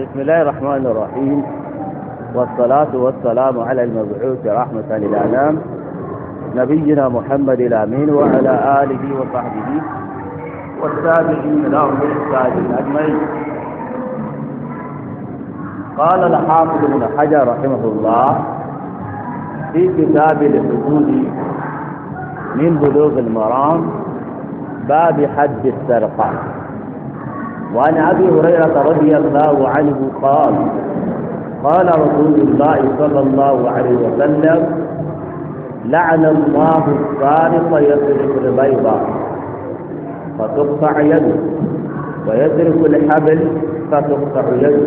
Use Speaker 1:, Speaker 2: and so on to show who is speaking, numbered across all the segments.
Speaker 1: بسم الله الرحمن الرحيم والصلاة والسلام على المبعوث رحمة للأنام نبينا محمد الأمين وعلى آله وصحبه والسابقين لهم بإحسان أجمعين
Speaker 2: قال الحافظ
Speaker 1: ابن حجر رحمه الله في كتاب الحدود من بلوغ المرام باب حد السرقة وعن أبي هريرة رضي الله عنه قال قال رسول الله صلى الله عليه وسلم لعن الله السارق يسرق البيضة فتقطع يده ويسرق الحبل فتقطع يده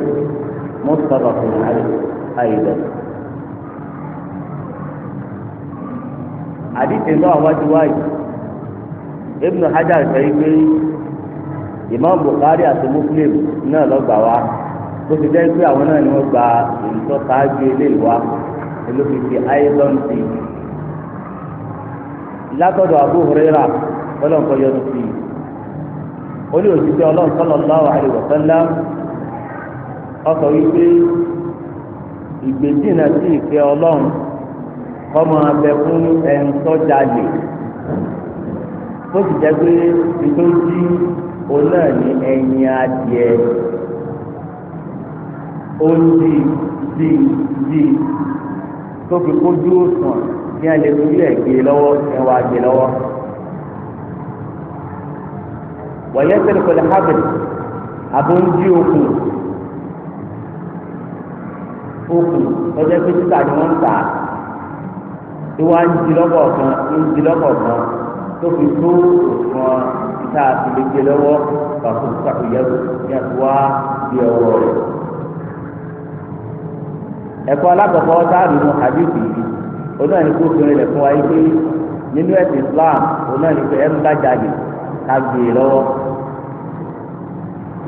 Speaker 1: متفق عليه أيضا حديث الله واجب ابن حجر شيخ Imam Bukhari àti Muslim náà lọ gbà wá bó ti jẹ́ pé àwọn náà ni wọ́n gba ìtọ́ sáájú eléyìí wá olókìkí ayélujáfì látọ̀dọ̀ Abu Huraira ọlọ́nkọ yọnu sí i ó ní òṣìṣẹ́ ọlọ́run sallallahu alaihi wa sallam ọkọ̀ wípé ìgbésìnà sí ìfẹ́ ọlọ́run kọ́mọ abẹ fún ẹ̀ńtọ́jà lè bó ti jẹ́ pé ìtọ́jú òun náà ní ẹyin adìẹ ó di di di tó fi kójú òsùn ní alẹ́ torí ẹ̀ gbé lọ́wọ́ ẹ̀ wá gbé lọ́wọ́ wọ̀nyẹ́ tẹ̀lé pẹ̀lú habit abóńdí okùn okùn ọjọ́ pé títà ni wọ́n ń tà tí wọ́n á ń di lọ́kọ̀ọ̀kan ń di lọ́kọ̀ọ̀kan tó fi tó òsùn tá a ti lè gbé lọ́wọ́ pàtó sàkóyẹ̀wò ní àtúwá bí ọwọ́ rẹ̀. ẹ̀kọ́ alákọ̀ọ́kọ́ táàbì mu àdìsí yìí onáà ní kó fèrè lẹ̀ fún wa yìí pé nínú ẹ̀sìn Islam onáà ní pé ẹ̀ ń bá jáde ká gbé e lọ́wọ́.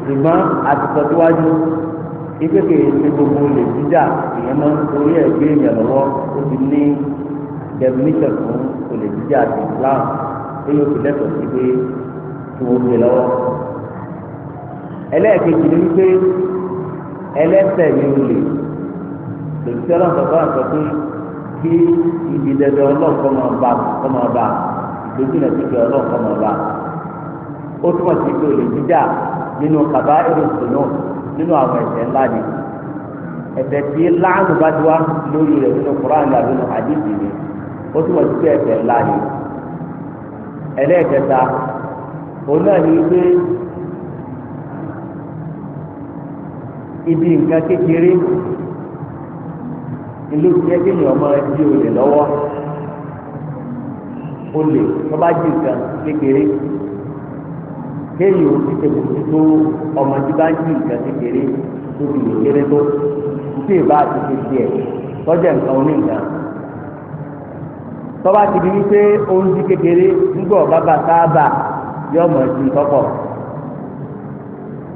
Speaker 1: ṣùgbọ́n àtìkọ́ síwájú ìgbésẹ̀ ní gbogbo olè jíjà ìyẹn máa ń ẹ̀ gbé èèyàn lọ́wọ́ ó ti ní definition fún olè jíjà àti Islam èyí ó lẹ́tọ̀ọ́ sí pé tí wọ́n gbé lọ́wọ́ ẹlẹ́ẹ̀kejì ni wípé ẹlẹ́sẹ̀ ni ó lè lòtí ọlọ́sọ̀ bá sọ pé kí ibi dandan ọlọ́ọ̀kọ́ máa bá kọ́ máa bá lójú náà ti fi ọlọ́ọ̀kọ́ máa bá ó túmọ̀ sí pé olè jíjà nínú kaba èròsì náà nínú àwọn ẹ̀ṣẹ̀ ńlá ni ẹ̀ṣẹ̀ tí láàánú bá ti wá lórí rẹ̀ nínú Kùránì àbí nínú àdìsí ni ó túmọ̀ sí pé ẹ̀ṣẹ̀ ńlá ni ẹlẹ́ẹ̀kẹta òun náà ní pé ibi nǹkan kékeré ìlú jẹ́ kéèyàn ọma iji olè lọ́wọ́ olè tó bá jí nǹkan kékeré kéèyàn ti tẹ̀wọ̀n tó ọmọ tí bá jí nǹkan kékeré tó ti lè kéré tó tí ì bá ti ti tiẹ̀ tọ́jà nǹkan oníǹkan tọ́ba ti di wípé oúnjẹ kékeré yóò mọ̀ ẹtì tọ́pọ̀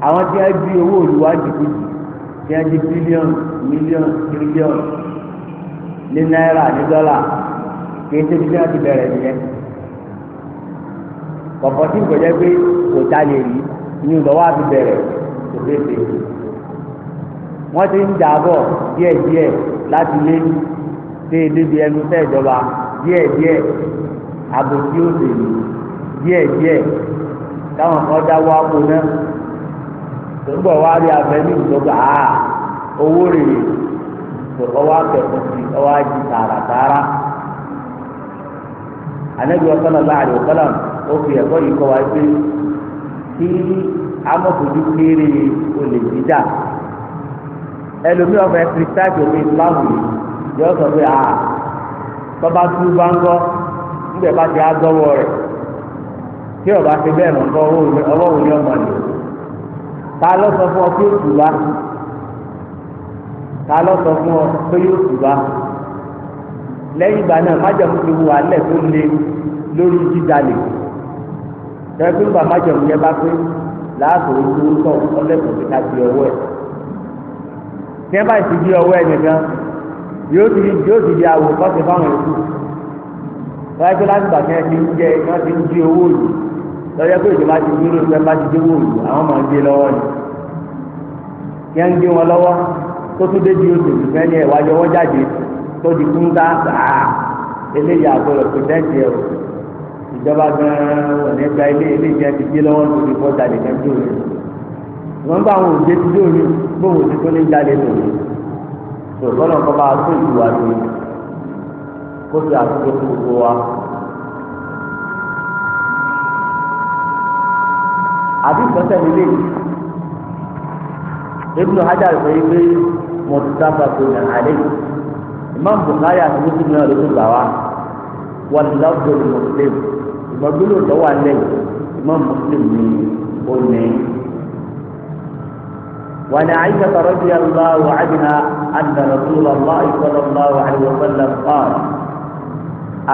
Speaker 1: àwọn tí a di owó olùwà jìbìtì tí a di bílíọ̀nù mílíọ̀nù tírílíọ̀nù ní náírà ní dọ́là kì í ṣe bí wọ́n ti bẹ̀rẹ̀ nìyẹn kọ̀pọ̀ tí kò jẹ́ pé kò ta lè rí ní ìlọ́wọ́ àti bẹ̀rẹ̀ kò fẹ́ fẹ́ wọ́n ti ń dàbọ̀ díẹ̀díẹ̀ láti lé dé débi ẹnu fẹ́ ìjọba díẹ̀díẹ̀ àbòsí òṣèlú. díẹ̀díẹ̀ táwọn kan dáwọ́ àpò náà tó ń bọ̀ wá rí abẹ ní ìjọba à owó rèé sí ọwọ́ tààràtààrà anabi ọsọlọ láàrin ọsọlọ ó fi ẹ̀kọ́ yìí kọ́ wa pé kí amọ̀kùnrin kéré olè jíjà omi ìsìláàmù yìí yọ sọ pé a tọ́ba tú bá tí ọba ti bẹ́ẹ̀ mọ̀ kọ́ ọlọ́run ní ọmọ rẹ̀ ta ló sọ fún ọ pé yóò tù bá ta ló sọ fún ọ pé yóò tù bá lẹ́yìn ìgbà náà májẹ̀mú ti wù alẹ́ tó le lórí jíjalè tẹ́gbẹ́ ìgbà májẹ̀mú yẹn bá pé láàbò ojú sọ ọlẹ́kùn ti ká di ọwọ́ ẹ̀ tí ẹ bá ti di ọwọ́ ẹ̀ nìkan yóò ti yóò ti di àwòkọ́sí fáwọn èkó wáyé tó láti gbà kí ẹ ti ń jẹ ẹ ti ń di owó yìí lọ́jọ́ pé ìjọba ti dúró ìjọba bá ti dúró òòlù àwọn máa ń gbé lọ́wọ́ ni kí wọ́n ń gbé wọn lọ́wọ́ tó tún dé di oṣù tìfẹ́ ní ẹ̀wájú ọwọ́ jáde tó di kún tá àá eléyà àgbọ̀rọ̀ tó dẹ́ẹ̀tì ẹ̀rọ ìjọba gan-an ọ̀nẹ́gba ilé eléyìí ẹ̀ ti gbé lọ́wọ́ tó ti bọ́ jáde kan tó rẹ̀ wọ́n bá àwọn òjé ti dóòní gbóhùn ti tó ní jáde tó rẹ̀ tó kọ́nà àbí ìfọ́sẹ̀ nílé Ibn Hajar sọ yìí pé mọ̀tàkà tó nà àlẹ́ Imam Bukhari àti Muslim náà ló tún gbà wá wọn lọ́gbọ̀ ní Muslim ìgbàgbọ́lò lọ́wọ́ alẹ́ Imam Muslim ní òní. وعن عائشة رضي الله عنها أن رسول الله صلى الله عليه وسلم قال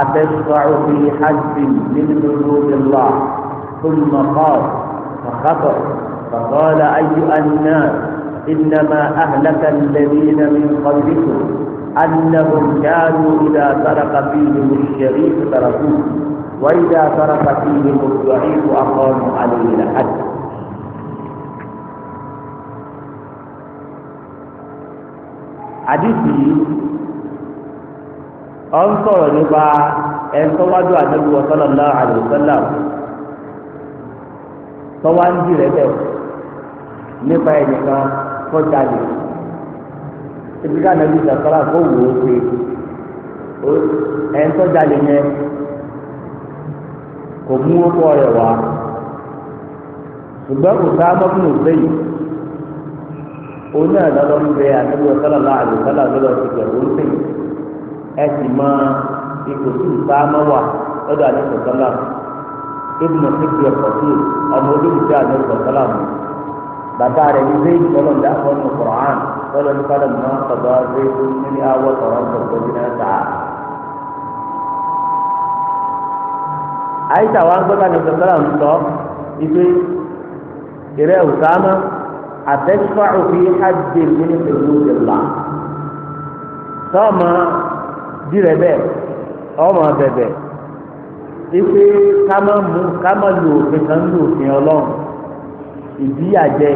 Speaker 1: أتشفع في حج من حدود الله ثم قال فخطأ فقال أيها الناس إنما أهلك الذين من قبلكم أنهم كانوا إذا سرق فيهم الشريف تركوه وإذا سرق فيهم الضعيف أقاموا عليه الحد àdìsí ọ̀n sọ̀rọ̀ nípa ẹ̀ńtọ́wájú àdébùwọ̀ sọ́lọ́lá àdìsọ́lá tọ́wá ń dì rẹ bẹ́ẹ̀ nípa ẹnìkan kọjá lè ibi ká nàbí ìsàkọ́lá kó wò ó pé ẹn tọ́já lè yẹn kò mú ọkọ rẹ wá ṣùgbọ́n kò sá mọ́kùnrin òfin yìí òun náà lọ́dọ̀ ń bẹ àtẹ́bí ọ̀sán àlọ́ àlùsálà lọ́dọ̀ ti ń ibùdó fífi ẹ̀kọ́ sí ọmọ olùdíje àná ìsọ̀tọ́lá mi bàbá rẹ̀ ní bẹ́ẹ̀ ìtọ́lọ̀ ní àfọ́nù kọ̀ọ̀án tọ́lọ̀ ní kọ́lọ̀ mọ́ ọ̀dọ́ rẹ̀ ní àwọ̀ tọ̀rọ̀ gbogbo ní ẹ̀ta. àyíṣà wa ń gbọ́dọ̀ ní ìsọ̀tọ́lá mi sọ ibi ìrẹ́ òsámá àtẹ́sífà òfin hajj nínú ìlú ìlà tọ́ọ̀mà dìrẹ̀ bẹ́ẹ̀ ọmọ bẹ̀bẹ̀ wípé ká má mú ká má lo òfin kan lo òfin ọlọ́run ìdíyàjẹ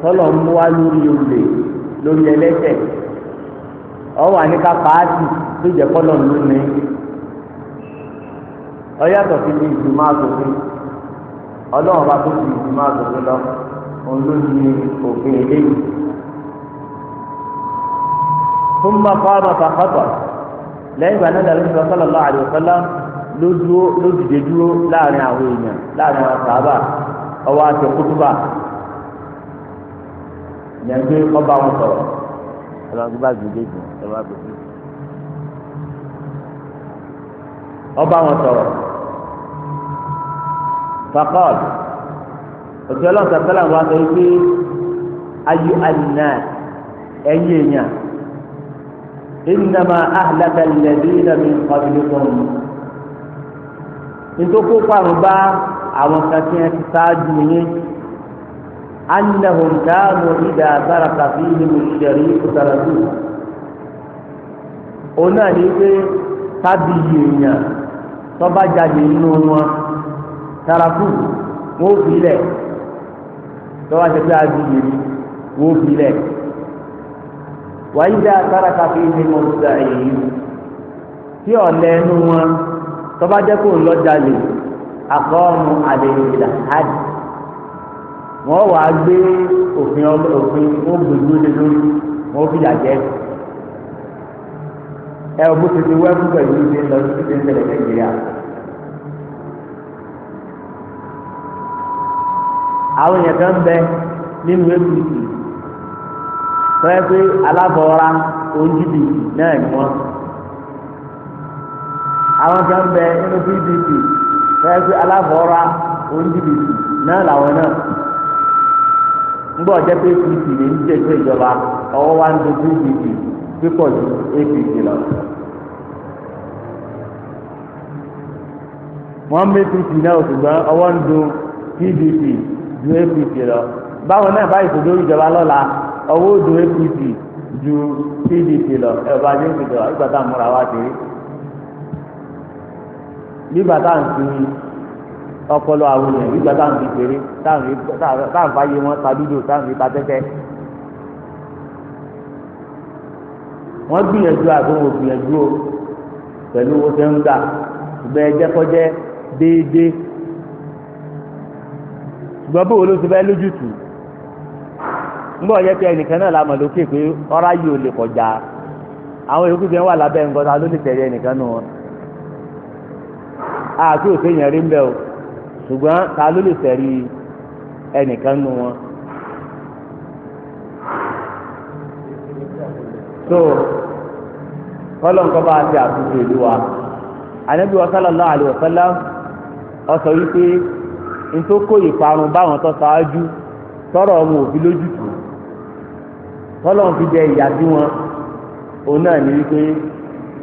Speaker 1: tọ́lọ̀ ń mú wá lórí olè lórí ẹlẹ́sẹ̀ ọwọ́ àníká pàátì tó jẹ́ kọ́lọ̀ ló ní ọyàtọ̀ sí ti ìgbìmọ̀ àtòfin ọlọ́run bá tó àtòfin lọ òun ló ní òfin eléyìí lẹ́yìn ìgbà náà ló dúró ló dìde dúró láàrin àwọn èèyàn láàrin àwọn sàábà ọwọ́ àti kútúbà ìyẹn gbé ọba wọn sọ̀rọ̀ ọlọ́run tó bá gbèdé jù ẹ bá gbèdé ọba wọn sọ̀rọ̀ fakọọd òtún ọlọ́run sàtẹlẹ àwọn àtọ yìí ayé àyìnà ẹyìn èèyàn nítorí parun bá àwọn kankan ẹ ti ṣáájú yín annahum dáàmú ìdá baraka fi ihe ìṣẹ̀rí ìkùtàràdù òun náà ní pé tábìlì èèyàn tọ́ba jáde wọn tàràkù wọn ò fi lẹ̀ tọ́ba ṣe pé wọn ò fi lẹ̀ wàyí dáa tàràkà fi tọ́ba jẹ́ kó ń lọ jalè àkọ́ọ̀mù àdéhùnìlà hajj wọ́n wàá gbé òfin òfin wọ́n gbèdúró lé lórí wọ́n fìyà jẹ́ ẹ ọ bó ti ti wẹ́ẹ́fù pẹ̀lú ìdí lọ sí ìdí ìṣẹ̀lẹ̀ nàìjíríà. àwọn èèyàn kan bẹ nínú apc tọ́ ẹ pé alábọ̀ọ́ra oníjìbìtì náà ni wọ́n àwọn kan bẹ nínú pdp fẹẹ fi aláfọwọ́ra oníjìbìtì náà làwọn náà ńgbọ́ jẹ́ pé pdp ní ń jẹ́ pé ìjọba ọwọ́ wa ń do pdp pípọ̀ ju apc lọ. wọ́n mú apc náà ṣùgbọ́n ọwọ́ ń do pdp ju apc lọ báwọn náà bá ìṣòro ìjọba lọ́la ọwọ́ ò do apc ju pdp lọ ẹ̀ bá dé ìṣòro ìgbà tá a múra wá sí i nígbà tá à ń fi ọpọlọ àwọn èèyàn nígbà tá à ń fi péré tá à ń fàyè wọn ta dúdú tá à ń fi ta tẹ́tẹ́. wọ́n gbìyànjú àbúrò gbìyànjú o pẹ̀lú owó tẹ́ ń gbà ṣùgbọ́n ẹjẹ́ kọjẹ́ déédéé ṣùgbọ́n bó wo ló ti fẹ́ lójútùú ńgbọ́ yẹ pé ẹnìkan náà la mọ̀ lókè pé ọ̀rá yìí ò lè kọjá àwọn yòókù fi ń wà lábẹ́ nǹkan ló lè tẹ̀lé ẹnìkan nù àti òfin yẹn rí ń bẹ o ṣùgbọ́n ta ló lè sẹ̀rí ẹnìkan nu wọn. so kọ́lọ̀ nǹkan bá ti àtúntò ìlú wa anabi wa sallallahu alayhi wa sallam ó sọ wípé ntoko ìparun báwọn tó ṣáájú tọrọ ọmọ òbí lójútùú kọ́lọ̀ fi jẹ ìyá sí wọn òun náà ní wípé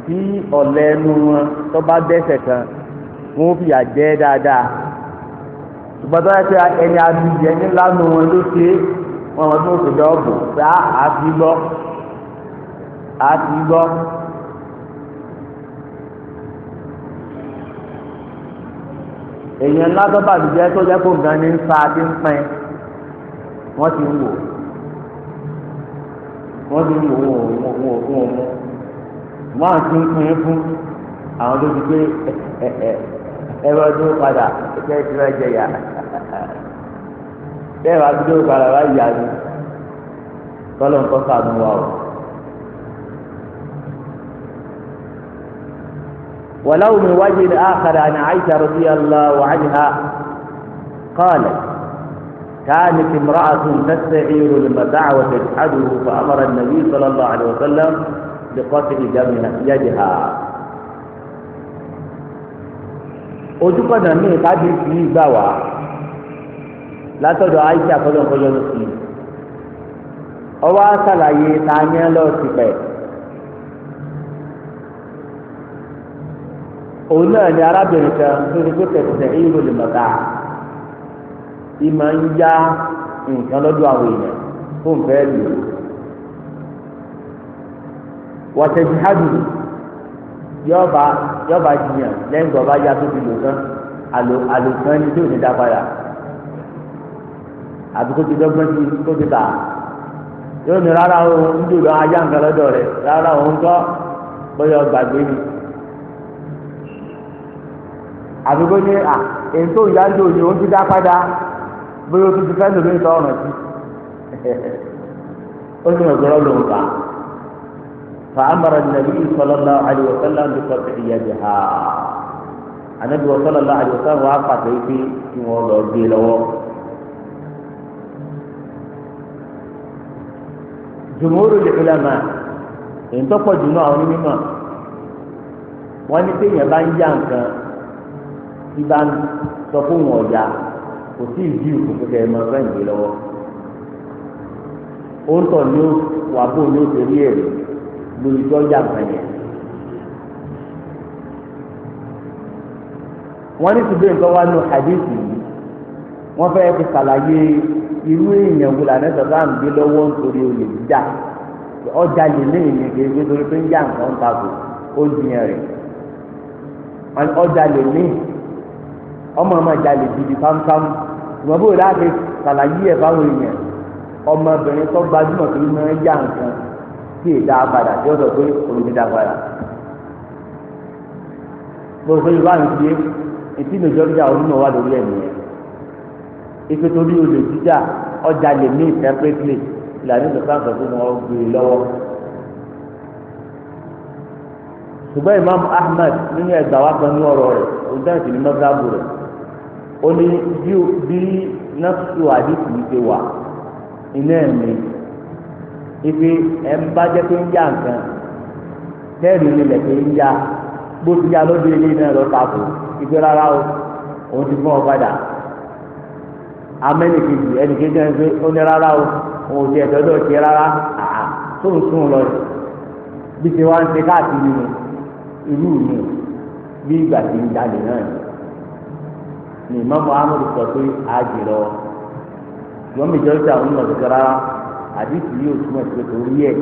Speaker 1: tí ọ̀lẹ́ wọn tó bá dẹ́ṣẹ̀ kan wọn fi àjẹ́ dáadáa ṣùgbọ́n tó yẹ kí ẹni abiyẹ ní lánàá wọn ló ṣe wọn wọn tó ṣe dọ́ọ̀bù tá ah, a ti gbọ́ a ti gbọ́. èèyàn ńlá tó bàbí jẹ́ tó jẹ́ kó gan ní ń fa ti ń pẹ́ wọ́n ti ń wò wọ́n ti ń wò wọ́n ò wọ́n ò fún wọn mọ́ wọ́n ń pín fún àwọn tó ti gbé ẹ̀ ẹ̀ ẹ̀. ولو من وجه آخر عن عائشة رضي الله عنها قالت كانت امرأة تستعير المتاع وتجحده فأمر النبي صلى الله عليه وسلم بقتل بقطع يدها ojúkọ̀nà míì káàdì sí ìgbà wá látọ̀dọ̀ àìsí àkọlọ́kọlọ́ ló fi ọwọ́ àṣàlàyé ta ní ẹ lọ sí pẹ̀. òun náà ni arábìnrin kan tó ní pé tẹ̀sẹ̀ ìlú lè ìmọ̀ ń ya nǹkan lọ́dọ̀ àwọn èèyàn fún bẹ́ẹ̀ lò wọ́n yọba jiyàn lẹ́yìn tó ọba yá tó fi lò àlò àlò ni tí ní dá padà àbí ti o ajá nǹkan rárá o ń bóyá gbàgbé àbí ní à èyí ni ti dá padà bóyá o ti fi fẹ́ lómi sí ó فأمر النبي صلى الله عليه وسلم بقطع يدها النبي صلى الله عليه وسلم وقع في موضع الديلو جمهور العلماء ان تقوى جماعة مما wọ́n ní pé yẹn bá ń yá nǹkan tí bá ń sọ fún wọn ọ̀yà kò sí ìdí òkùnkùn kẹ́ ẹ máa fẹ́ ìgbé lọ́wọ́ ó ń tọ̀ ní wàá bò ní òṣèré ẹ̀rọ lórí tí wọ́n jà nǹkan yẹn. wọ́n ní ṣùgbọ́n nǹkan wá ní hadith yìí wọ́n fẹ́ fi ṣàlàyé irú èèyàn wo làná sọ̀tà ń gbé lọ́wọ́ nítorí olè jíjà ọjà lè ní ìyẹn kì í gbé torí pé ń jà nǹkan ń takò ó jiyàn rẹ̀ ọjà lè ní ọmọ ọmọ ìjà lè bó láti ṣàlàyé ẹ̀ fáwọn èèyàn ọmọbìnrin tó gbajúmọ̀ tó ń nǹkan tí èdè agbada tí ó sọ pé òun ti dàgbàdà gbogbo yorùbá ń fi etí ìnàjọ jíjà òun náà wà lórí ẹ̀mí ẹ̀ ipe torí olè jíjà ọjà lè mí ìtẹ́pẹ́tìlẹ̀ ìlànà ìjọba àgbà tó wọn gbé e lọ́wọ́ ṣùgbọ́n imam ahmed nínú ẹgbà wa kan ní ọ̀rọ̀ rẹ̀ olùdáǹtì ní mọ́sáàbù rẹ̀ ó ní bí nọ́ọ̀sù àdìsí ti wà iná ẹ̀mí ibi ẹ̀ ń bá jẹ́ pé ń yá nǹkan tẹ́ẹ̀rì nílẹ̀ pé ń yá bó ti yá lóde ilé náà lọ́ta kù ìgbé rárá o òun ti fún ọ padà amẹ́nìkejì ẹnìkejì náà pé ó ní rárá o òun ò tiẹ̀ dọ́dọ̀ tiẹ̀ rárá tó ń sún lọ bí ti wá ń ṣe káàkiri nù irú mi bí ìgbà tí ń jalè náà ni ìmọ̀ muhammadu sọ pé àjèrọ yọ̀ọ́ mi jọ́ ìjà òun lọ́dọ̀ rárá. àdìsí yóò túmọ̀ pé torí ẹ̀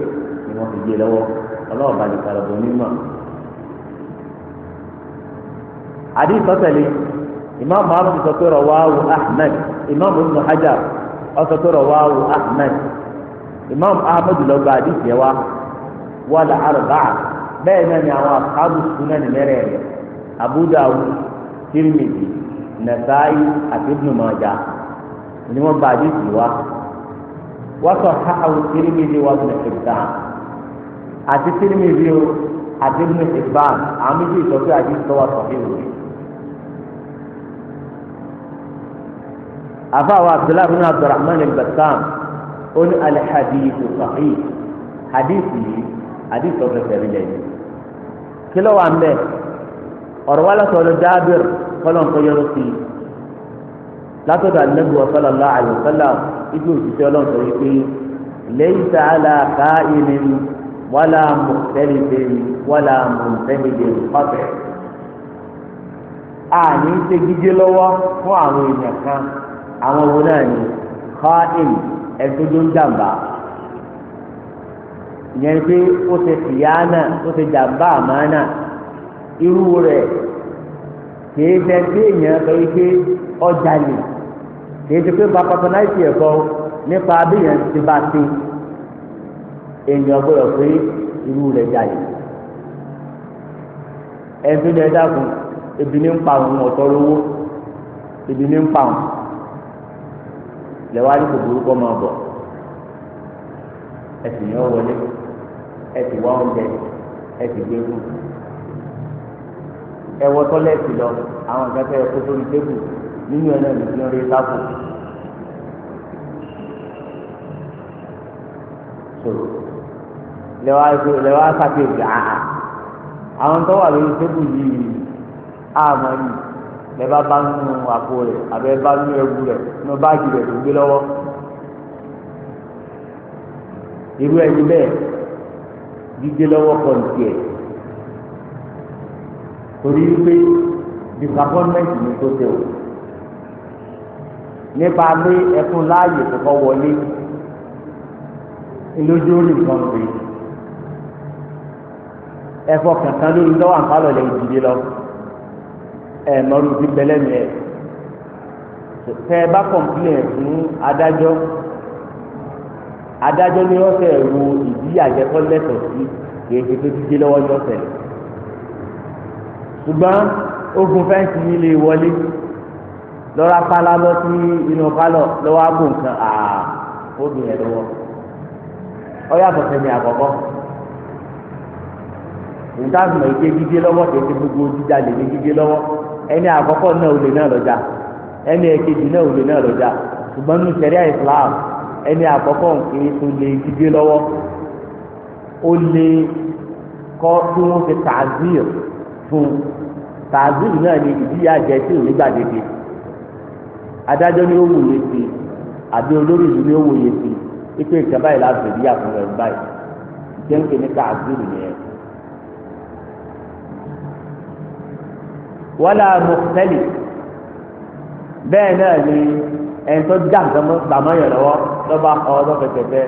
Speaker 1: ni wọ́n fi gbé lọ́wọ́ ọlọ́wọ́ bá lè kalọ̀ bọ̀ nímọ̀. àdìsí ìmáàmù abu sọ pé rọwáwù ahmed ìmáàmù ibn hajar ó sọ pé rọwáwù ahmed ìmáàmù ahmed ló gba àdìsí ẹ̀ wá wàlà àrùbá bẹ́ẹ̀ náà ni àwọn abu nasaayi àti ni وصححه الترمذي وابن حبان àti Tirmidhi o àti Ibn Hibban àwọn méjì sọ pé àti sọ wà sahih o. àfàwọn abdullahi bin abdulrahman al-bassam ó ní al-hadithu sahih hadith yìí hadith sọ fẹsẹ̀ rí lẹ́yìn. kí ló wà ń bẹ̀ ọ̀rọ̀ wa lọ́sọ̀rọ̀ Jabir kọ́lọ́n kọ́ yọrọ sí i látọ̀dọ̀ ànábì wa sallallahu alayhi wa sallam. ibi òṣìṣẹ́ ọlọ́run sọ wípé laysa ala qa'ilin wala muqtalibin wala muntamidin qat'a àní ṣe gígé lọ́wọ́ fún àwọn èèyàn kan àwọn wo náà ni qa'il ẹ̀tọ́ tó ń jàǹbá ìyẹn pé ó ṣe kìyànà ó ṣe jàǹbá àmánà irú rẹ̀ kìí ṣe tí èèyàn sọ wípé ọjà nìyí kìí ṣe pé papapanáìtì ẹ̀kọ́ nípa abíyẹn ti bá ti èèyàn gbọ́dọ̀ pé irú rẹ̀ jáde ẹ̀mí ni ẹ dákun ebi ní ń pa òun ọ̀tọ́ lówó ebi ní ń pa òun lẹ́wọ́ àdìgbò burúkọ máa bọ̀ ẹ̀sìn yẹn wọlé ẹ̀sìn wá oúnjẹ ẹ̀sìn gbé kù ẹ̀wọ́ tọ́lẹ̀tì lọ àwọn ìgbàgbọ́ ẹ̀kọ́ tó ń débù nínú ẹ̀ náà nìkan rí sáfù. lẹ́wà lẹ́wà sàkéèjì àhà àwọn tó wà lórí tébù yìí àmọ́ yìí lẹ́bà bá nínú àpò rẹ̀ àbẹ́ bá nínú ẹrù rẹ̀ nínú báàgì rẹ̀ tó gbé lọ́wọ́ irú ẹni bẹ́ẹ̀ gbígbé lọ́wọ́ kọ̀ ní tiẹ̀ torí wípé disappointment ni tó ṣe o nípa pé ẹkún láàyè kọkọ wọlé lójú orí nǹkan pé ẹfọ kankan lórí lọ́wọ́ àǹfààní lẹ ìdílé lọ ẹ mọrú ti bẹlẹ mi ẹ tẹ ẹ bá kọ̀ǹpilẹ̀ fún adájọ́ adájọ́ ni wọ́n fẹ́ ru ìdí àjẹkọ́ lẹ́tọ̀ọ́ sí kìí ṣe pé dídé lọ́wọ́ yọ̀ọ̀fẹ́ ṣùgbọ́n ogun fẹ́ǹsì yìí lè wọlé lọ́ra pálá lọ sí inú pálọ̀ lọ́wọ́ abò nǹkan àà ó dùn ẹ̀ lọ́wọ́ ọ yàtọ̀ sẹ́mi àkọ́kọ́ nǹkan mọ̀ ike gígé lọ́wọ́ kì í ṣe gbogbo jíjà lè ní gígé lọ́wọ́ ẹni àkọ́kọ́ náà olè náà lọ́jà ẹni èkejì náà olè náà lọ́jà ṣùgbọ́n nínú sẹ́ríà Islam ẹni àkọ́kọ́ kì í ṣe olè gígé lọ́wọ́ ó lè kọ́ tí wọ́n fi tàzír fún tàzír náà ni ìdíyàjẹ tí ò ní gbàdéke adájọ́ ni ó wòye sí àbí olórí ìlú ni ó wòye sí ipe nǹkan báyìí láti rí àfihàn ẹ̀ báyìí jẹ́ǹkì ní káàkiri nìyẹn. wọ́lá mọ̀tẹ́lì bẹ́ẹ̀ náà ni ẹni tó já nǹkan mọ́ bàmọ́ yẹn lọ́wọ́ lọ́ba kọ́ lọ́fẹ̀tẹ̀fẹ́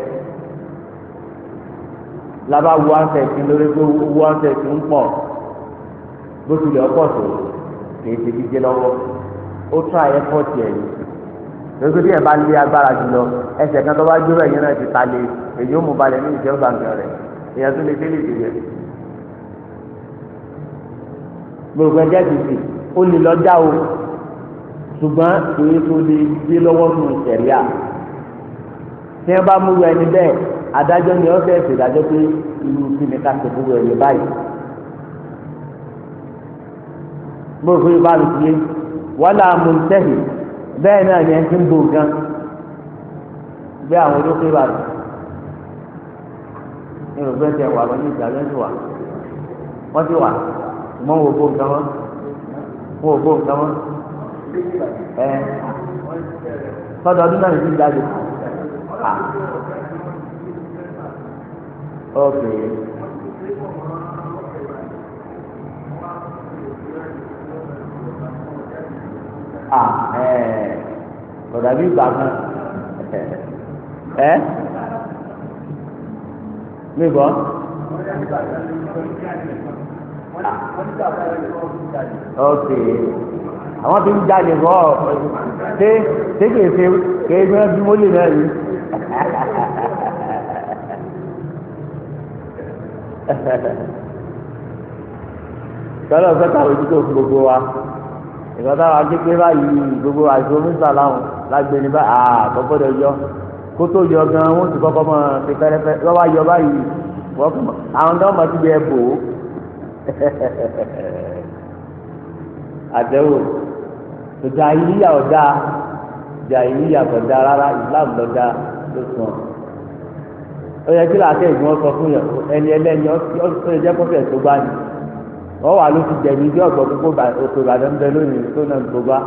Speaker 1: lábá wú ánsẹ̀tì lórí pé wú ánsẹ̀tì ń pọ̀ bó tilẹ̀ ọ̀pọ̀ tó kì í ti díje lọ́wọ́ ó tún àyẹ pọ́ọ̀tì ẹ̀ yìí lórí pé bí ẹ bá lé agbára jùlọ ẹsẹ̀ kan tó bá jó ẹ̀yìn náà ti ta lé èyí ó mú balẹ̀ ní ìjẹ́ gbàngàn rẹ̀ èyàn tún lè délé ìdílé rẹ̀ gbogbo ẹjẹ́ tètè ó lè lọ́jà o ṣùgbọ́n èyí tó lè gbé lọ́wọ́ nù ìṣẹ̀ríà tí wọ́n bá múru ẹni bẹ́ẹ̀ adájọ́ ni wọ́n fẹ́ẹ́ ṣèdájọ́ pé irú kí ká ṣe múru ẹni báyìí gbogbo ìbáraẹni wala muntahi bẹ́ẹ̀ náà ni ẹ ti ń bò gan bí àwọn olókè bá rẹ̀ nínú bẹ́ẹ̀ tẹ̀ wà lọ́ní ìjà lẹ́sìn wà wọ́n ti wà mọ́ wo bó nǹkan mọ́ wo bó nǹkan mọ́
Speaker 2: ẹ tọ́dọ̀ọ́dún náà ní ti jáde ah. ok. à ẹ
Speaker 1: kódà bí ìgbà kan ẹ mi bọ́ ok àwọn tí ń jáde bọ́ ṣé ṣé kìí ṣe kìí ṣe bí mo lè náà yìí tọ́lọ̀ fẹ́ kàwé tí kò fún ìgbà táwọn akéèké báyìí gbogbo àìsàn oníṣà láwọn lágbè ní báyìí àkọ́kọ́ dẹ̀ yọ kó tó yọ gan wọ́n ti kọ́kọ́ mọ́ ṣe fẹ́rẹ́fẹ́ lọ́wọ́ yọ báyìí àwọn tó mọ̀ síbi ẹ̀ bò ó àdẹ́wò ìjà ìyíyà ọ̀dà ìjà ìyíyà ọ̀dà rárá ìsìláàmù lọ́dà ló sàn ó yẹ kí làákẹ́ ìgbọ́n sọ fún yẹn ẹni ẹlẹ́ni ó ṣe jẹ́ kọ́fẹ́ tó bá ní wọ́n wà ló ti jẹ̀bi bí ọ̀gbọ́n gbogbo òkè ìbàdàn ń bẹ lónìí tó náà tó bá.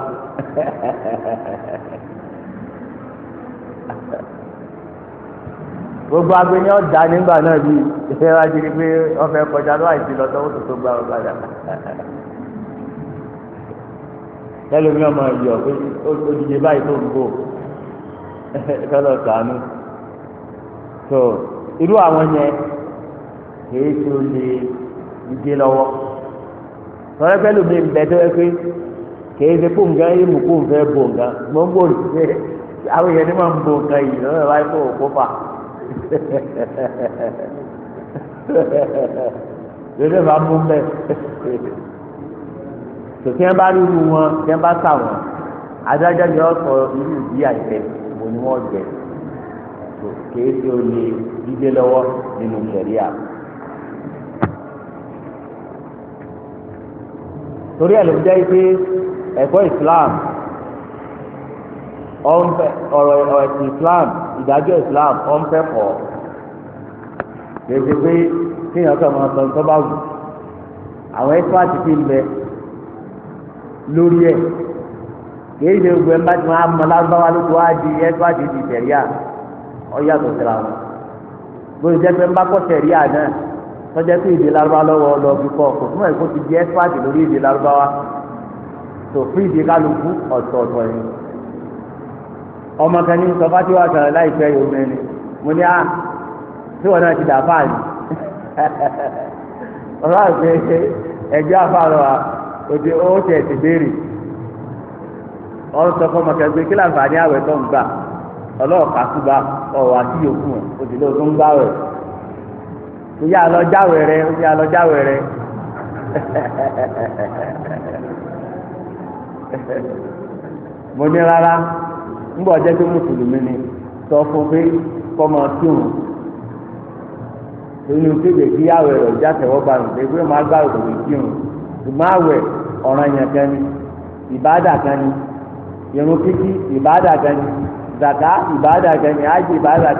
Speaker 1: gbogbo agbe ni ọ̀dà nígbà náà bíi ìfẹ́ wa ti di pé ọ̀fẹ́ kọjá lọ́wọ́ àìsí lọ́tọ́ ó tó tó gba ọ̀gá dà. lẹ́lómi ọmọ ìyọ̀ òdìjẹ báyìí tó ń bò kọ́lọ̀ sànú. tó irú àwọn yẹn kì í tó lè dìde lọ́wọ́ tọ́lá pẹ́lú mi ń bẹ tó yẹ pé kèé ṣe kó nǹkan yé mu kó nǹkan bò ń bò ṣe àwọn èèyàn ní máa ń bò yìí lọ́wọ́ ẹ̀ wáyé kó fà lórí ẹ̀ mú bẹ́ẹ̀ tòkí ẹ bá rírú wọn kí ẹ bá tà wọn adájọ́ ni wọ́n sọ irú ìdí àìsẹ̀ mo ni wọ́n jẹ kèé ṣe olè dídé lọ́wọ́ nínú sẹ̀ríà. torí ẹ̀ ló jẹ́ pé ẹ̀kọ́ Islam ọ̀rọ̀ ẹ̀sìn Islam ìdájọ́ Islam ọ̀n fẹ́ kọ́ gbèsè pé kéèyàn kàn máa sọ tó bá wù àwọn ẹ́fáàtì ti ń bẹ lórí ẹ̀ kéèyàn ṣe gbogbo ẹ̀ bá ti máa ló tó wá di ẹ́fáàtì ti tẹ̀ríà ọ̀yàtọ̀ síra wọn gbèsè pé ń tẹ̀ríà náà tọ́jà tó èdè lárúbá lọ́wọ́ lọ fi kọ́ kò fún ẹ̀kọ́ ti di ẹ́sípáàtì lórí èdè lárúbá wa tó fún èdè kálukú ọ̀tọ̀ọ̀tọ̀ yìí ọmọ kan ní sọ fáti wà sọ̀rọ̀ láìpẹ́ yóò mẹ́rin mo ní à tí wọn náà ti dà fáà ní ọlọ́wà pé ẹ̀jọ́ àfàlọ́ wa òde ó tẹ̀ ti béèrè ọ̀rọ̀ sọ fún ọmọ kan pé kí láǹfààní àwẹ̀ tó ń gbà ọlọ́ọ̀ká kú bá ọ̀wà tí yòókù wọn òdìlóòtú ń gbà wẹ̀ ìyá lọ jáwèé ìyá lọ jáwèé rẹ mo ní rárá mbọ jẹ́ pé mùsùlùmí ni sọ fún pé kọ́ máa kí òun lórí òkèèjì kí yàwé rẹ̀ jàtẹ̀wọ́ gba pé pé máa gbà rùn kí òun ṣùgbọ́n àwẹ̀ ọ̀ràn yẹn kan ni ìbáàdà kan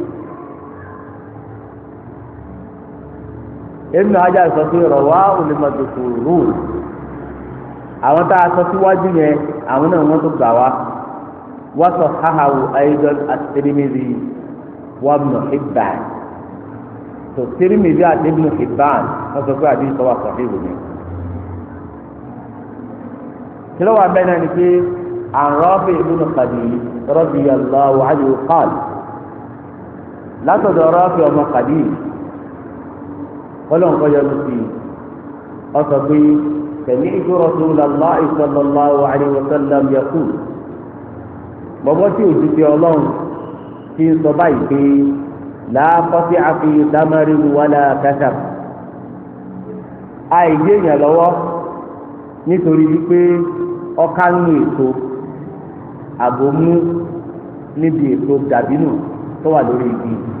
Speaker 1: Ibn Hajar sọ pé rọ̀wá olùmọ̀tòkò rúù àwọn tá a sọ síwájú yẹn àwọn náà wọ́n tó gbà wá wọ́n sọ hahawu ayédọ́n àti Tirmidhi wọ́n mọ̀ Hibban tó Tirmidhi àti Ibn Hibban wọ́n sọ pé àdéhùn sọ wà sọ̀rọ̀ ìwé yẹn. kílọ̀ wà bẹ́ẹ̀ náà ni pé àrọ́bì ibùdó kàdí radiyallahu anhu qala látọ̀dọ̀ rọ́bì ọmọ kàdí kọ́lọ́n kọ́ yọnu sí i ọ̀sọ̀ pé tẹ̀lé ìjọ Rasulullahi sallallahu alaihi wasallam yaqul bọ́bọ́ tí ò ti fi ọlọ́run ti sọ báyìí pé làákọ́sí àfi dámárì wàlà kẹsàb àìyé yẹn lọ́wọ́ nítorí wípé ọkà ń lo èso àbòmú níbi èso dàbínù tó wà lórí igi yìí.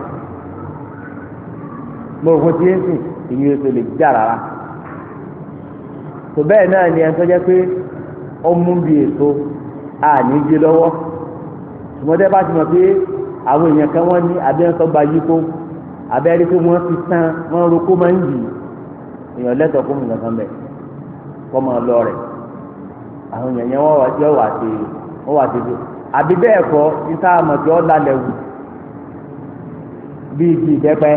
Speaker 1: mo rò ti yéésì ìyẹn oṣù lè jà rárá tó bẹ́ẹ̀ náà ni ẹni tó jẹ́ pé ó mú bí èso àní gbé lọ́wọ́ tòmọdé bá ti mọ̀ pé àwọn èèyàn kan wọ́n ní abẹ́ńsọ́ gba yípo abẹ́rẹ́ pé wọ́n ti tán wọ́n roko máa ń yì èèyàn lẹ́tọ̀ọ́ kó mu nǹkan bẹ̀ kọ́ máa lọ rẹ̀ àwọn èèyàn yẹn wọ́n wá sí ọ̀wà sí wọ́n wá sí sí àbí bẹ́ẹ̀ kọ́ ní táwọn mọ̀ tí ọ́ lálẹ́ wù bíi ti ìdẹ́pẹ́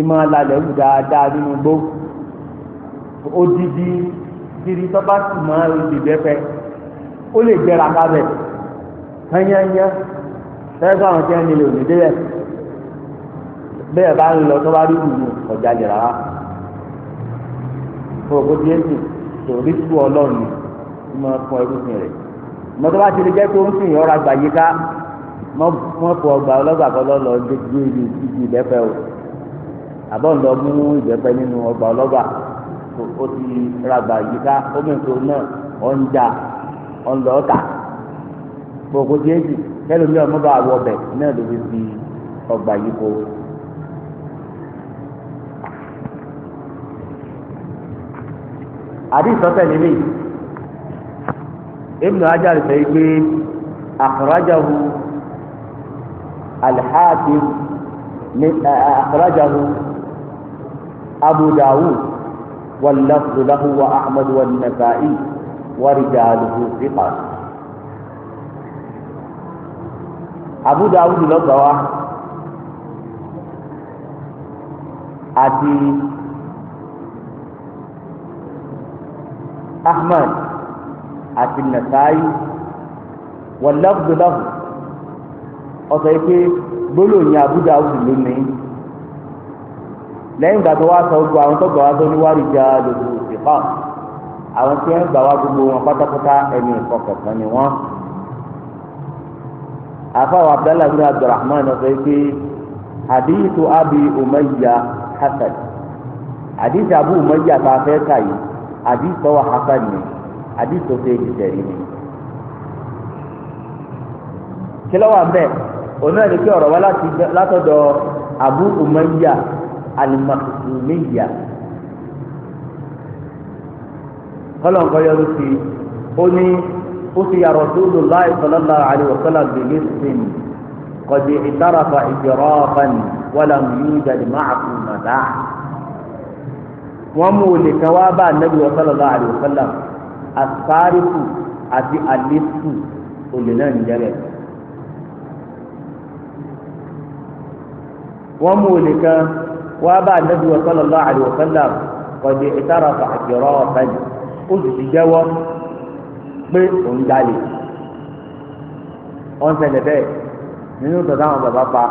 Speaker 1: ìmọ̀ alalẹ̀ wù dáadáa nínú gbó odidi tiri tọ́ba sì mọ́ ìdìbẹ́fẹ́ ó lè gbẹ́ra kábẹ̀ hányányá fẹ́ẹ́fẹ́ àwọn tí wọ́n nílò nídélẹ̀ bẹ́ẹ̀ bá ń lọ tọ́ba rí ìlú ọ̀jà lè rárá fún òkú tí yéésì tó rí sùn ọlọ́run ni tí wọ́n fún ẹrúfin rẹ̀ mọ́tò bá ti lè jẹ́ pé ó ń sìn ọ̀rọ̀ àgbà yíká mọ́ fún ọgbà ọlọ́gbà kọ́ lọ́lọ́ gbé ibi ìbẹ́fẹ́ o àbọ̀ ń lọ mú ìbẹ́pẹ nínú ọgbà ọlọ́gbà ó ti ragbà yíká omi nǹkan náà ọ̀ ń jà ọ̀ ń lọ ọ̀tà gbogbo déèjì kẹlòmí ọmọ bá wọ ọbẹ̀ náà ló fi fi ọgbà yìí kó. àdìsọ́tẹ̀ nílé ibnu hajar sọ yìí pé akhrajahu al-hakim abu dawud wàlláfu lahu wa ahmad wa nasa'i wa rijaluhu siqa. abu dawud lọ́gbà wa àti ahmad àti nasa'i wàlláfu lahu ọ̀sẹ̀ pé gbólóyìn abu dawud lónìí lẹ́yìn ìgbà tó wá sọ gbogbo àwọn tó gbà wá tó ní wá rí ja lòdù ìfà àwọn tí wọ́n gbà wá gbogbo wọn pátápátá ẹni ìfọkàntán ni wọ́n. àfàwọn abdallah bin abdulrahman sọ pé hadithu abi umayya hasan hadith abu umayya tá a fẹ́ kà yìí hadith tó hasan ni hadith tó fẹ́ kìtẹ̀rì ni. kí ló wà ń bẹ̀ onáà ọ̀rọ̀ wá látọ̀dọ̀ abu umayya alimakutumiya kọlọ̀nkọ yọrù sí ó ní ó sì ya Rasulullahi sallallahu alaihi wa sallam bìlí sin kọ̀dì ìtarafa ìjọrọ̀fan wàlà yúdàdì máàkù màdá. wọ́n mú olè kan wá bá anabi wa sallallahu alaihi wa àti àlífù olè náà ń jẹrẹ. mú olè kan. wa sallallahu alayhi wa sallam kọ̀dé ìtara fàkìrọ̀ ọ̀fẹ́ni ó sì ti jẹ́wọ́ pé òun jalè wọ́n ṣẹlẹ̀ bẹ́ẹ̀ nínú tọ́tà àwọn bàbá pa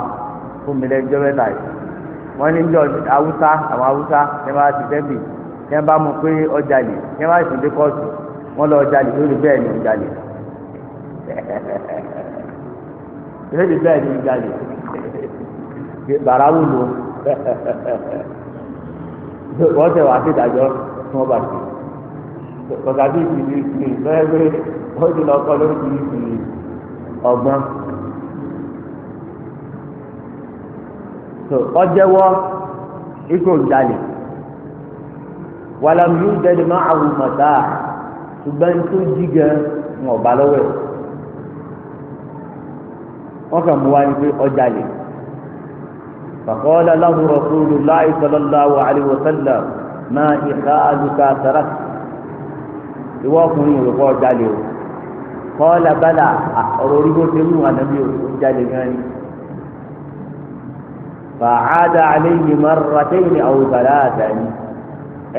Speaker 1: fún mi lẹ́jọ́ mẹ́ta yìí wọ́n ní jọ awúsá àwọn wọ́n lọ lórí ni lórí bẹ́ẹ̀ ni bàrà wọ́n tẹ̀ wá sí tí wọ́n bá ti kọ̀ọ̀kan bí ìdílé ti lọ́yẹ́ pé wọ́n ti lọ kọ́ lórí ìdílé ọgbọ́n. ọjẹ́wọ́ ikú ìdálẹ̀ wàlámù yóò jẹ́ni máa àwọn mọ̀tá ṣùgbọ́n tó jí gan wọn ọ̀bá lọ́wọ́ ẹ̀ wọ́n kàn mú wa ní pé ọjà lè. فقال له رسول الله صلى الله عليه وسلم ما إخاذك تركت ìwọ ọkùnrin ìwé kọ́ jalè o kọ́ọ̀lá bàlà ọ̀rọ̀ orí bó ṣe wù ànábì o jalè gan ni. fàcádà àléyìn mara tẹ́yìn àwòsàlá àtàní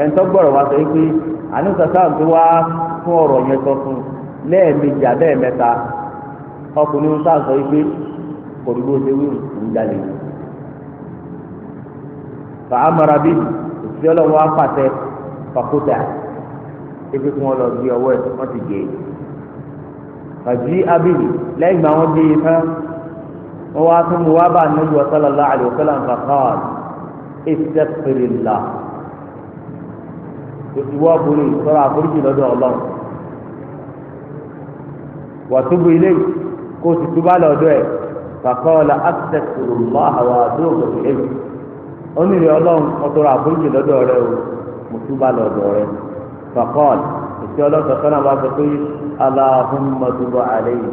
Speaker 1: ẹ̀ńtọ́ gbọ́rọ̀ wá sọ pé ànúsàsà tó wá fún ọ̀rọ̀ yẹn sọ fún lẹ́ẹ̀mejì abẹ́ẹ̀mẹ́ta ọkùnrin sáà sọ pé kò rí bó ṣe wù ń jalè o fàámàrà bíi òsì ọlọ́wọ́ apàtẹ fàkútà ebi kí wọ́n lọ gbé ọwọ́ ẹ̀ wọ́n ti gé e fàjí abíyì lẹ́yìn ìgbà wọn bíi e tán wọ́n wá tún mu wá bá nílùú sallallahu alaihi wasallam fàkàl istaghfirullah ìwọ́ burú sọ̀rọ̀ wàtúbù ilé kó o sì túbà lọ́dọ̀ ẹ̀ fàkàl astaghfirullah àwọn àdúgbò ẹ̀yìn. onírè ọlọ́run ọ̀tọ̀rọ̀ àforíjì lọ́dọ̀ rẹ o mo tún bá lọ́dọ̀ rẹ fakọ́ọ̀d ètò ọlọ́sọ̀ fẹ́ràn bá sọ pé Allahumma tub alayhi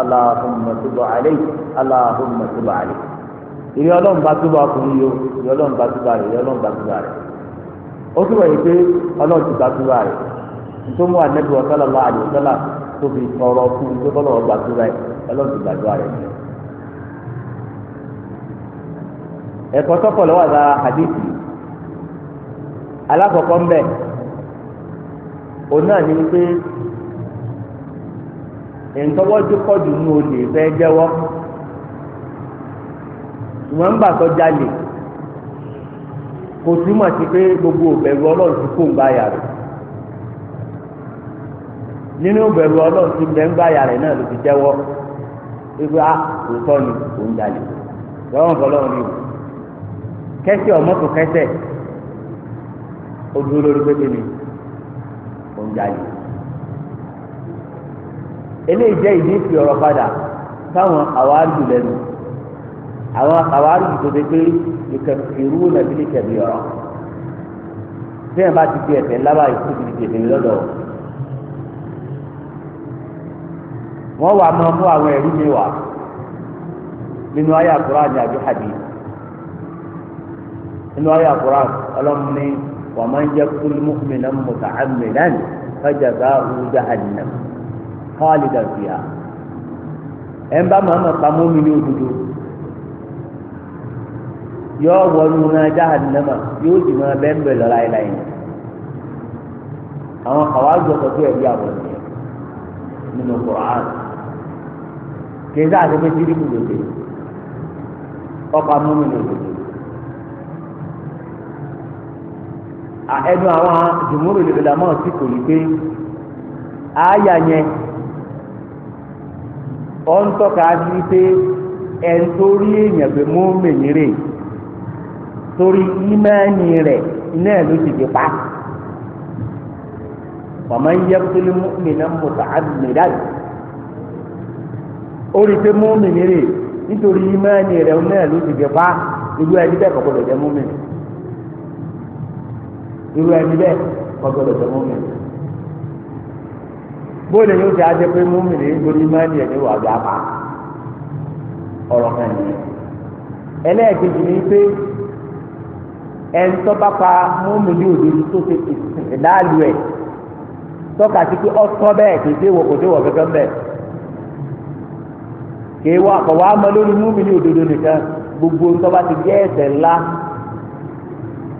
Speaker 1: Allahumma tub ọlọ́run bá túbọ̀ ọkùnrin yìí o ọlọ́run bá túbọ̀ ọlọ́run bá túbọ̀ ó túbọ̀ yìí pé ọlọ́run ti bá túbọ̀ nítorí ẹ̀kọ́ tọ́kọ̀ lọ́wọ́ àgbà hadith alákọ̀ọ́kọ́ ń bẹ̀ òun náà ní wípé ìtọ́wọ́jú pọ̀jù ní olè fẹ́ jẹ́wọ́ ṣùgbọ́n ń bà tó jalè kò túmọ̀ sí pé gbogbo òbẹ̀rù ọlọ́run ti kó ń bá yàrá nínú òbẹ̀rù ọlọ́run ti bẹ̀ ń bá yàrá náà ló ti jẹ́wọ́ wípé a ah, kò tọ́ ni kò ń jalè lọ́wọ́n fọlọ́run ni o. kẹsẹ̀ ọmọtò kẹsẹ̀ ó dúró lórí pépé mi ó ń jà yìí eléyìí jẹ́ ìdí ìfi ọ̀rọ̀ padà fáwọn àwárí lẹ́nu àwọn àwárí tó ti pé ìkẹfìrú nàbí ní kẹbi ọ̀rọ̀ bí wọn bá ti fi ẹsẹ̀ wọn wà àwọn mi wà nínú ayé nínú ayé àkùrá ọlọ́run ní wà máa ń jẹ́ kúlú mọ́kùnmínà mọ̀tà àmìlẹ́ni fẹ́jàgbá òwúdà àdìnà káàlì dàbíyà ẹ̀ ń bá màmá pamọ́ mi ní òdodo yọ wọnú náà jahannama yóò sì máa bẹ́ẹ̀ bẹ́ẹ̀ lọ láéláé àwọn kàwájú ọkọ̀ ẹ̀rí àwọn ènìyàn nínú Qur'an kì í sáà tó fi tìrìkù lòdì ọkọ̀ amúnú lòdì. ẹnu àwọn jùmúrò ìlànà sí kò ní pé àáyà yẹn ọ ń tọ́ka sí pé ẹni tó rí èèyàn pé mú mènyèrè torí ìmẹ́ẹ̀nì rẹ̀ náà ló ti di pa ọmọ yẹ kúlẹ̀ mọ́mìnà mọ́tà àdìmẹ́dàdì ó rí pé mú mènyèrè nítorí ìmẹ́ẹ̀nì rẹ̀ náà ló ti di pa ìlú irú ẹni bẹ́ẹ̀ kọ́gbọ́dọ̀ tẹ mọ́mì bóyá yóò ti adé pé mọ́mì ní gbóni máa ní ẹni wà gbà pa ọ̀rọ̀ kan nìyẹn ẹlẹ́ẹ̀kejì ni pé ẹni tó bá pa mọ́mì ní òde tó ṣe ìdáàlú ẹ̀ tọ́ka sí pé ọ̀tọ́ bẹ́ẹ̀ kì í dé wọ̀ kò dé wọ̀ kankan bẹ́ẹ̀ kì í wà kọ̀ wá mọ́ lórí mọ́mì ní òdodo nìkan gbogbo tó bá ti jẹ́ ẹ̀ṣẹ̀ ńlá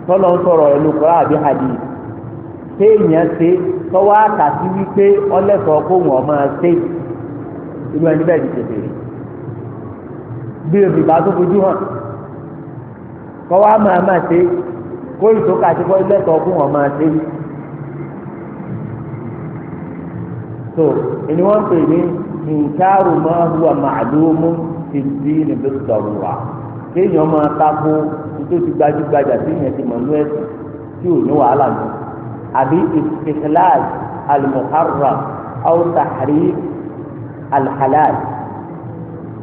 Speaker 1: tọ́lọ́ ń sọ̀rọ̀ ẹ̀ ló kọ́ra àbí hadith téèyàn ṣe tọ́wọ́ wípé ọlẹ́sọ̀ọ́ kó wọ́n ṣe irú ẹni bẹ́ẹ̀ ti tètè rí bí o bìbá tó fojú hàn kọ́wọ́ á máa ṣe kó ìtòkà kọ́ ṣe so ẹni wọ́n pè ní máa ti dín ní bí tó ti gbajúgbajà tí yẹn ti mọ̀ ní ẹ̀sìn tí ò ní wàhálà mọ́ àbí istiklal al-muharram aw tahrif al-halal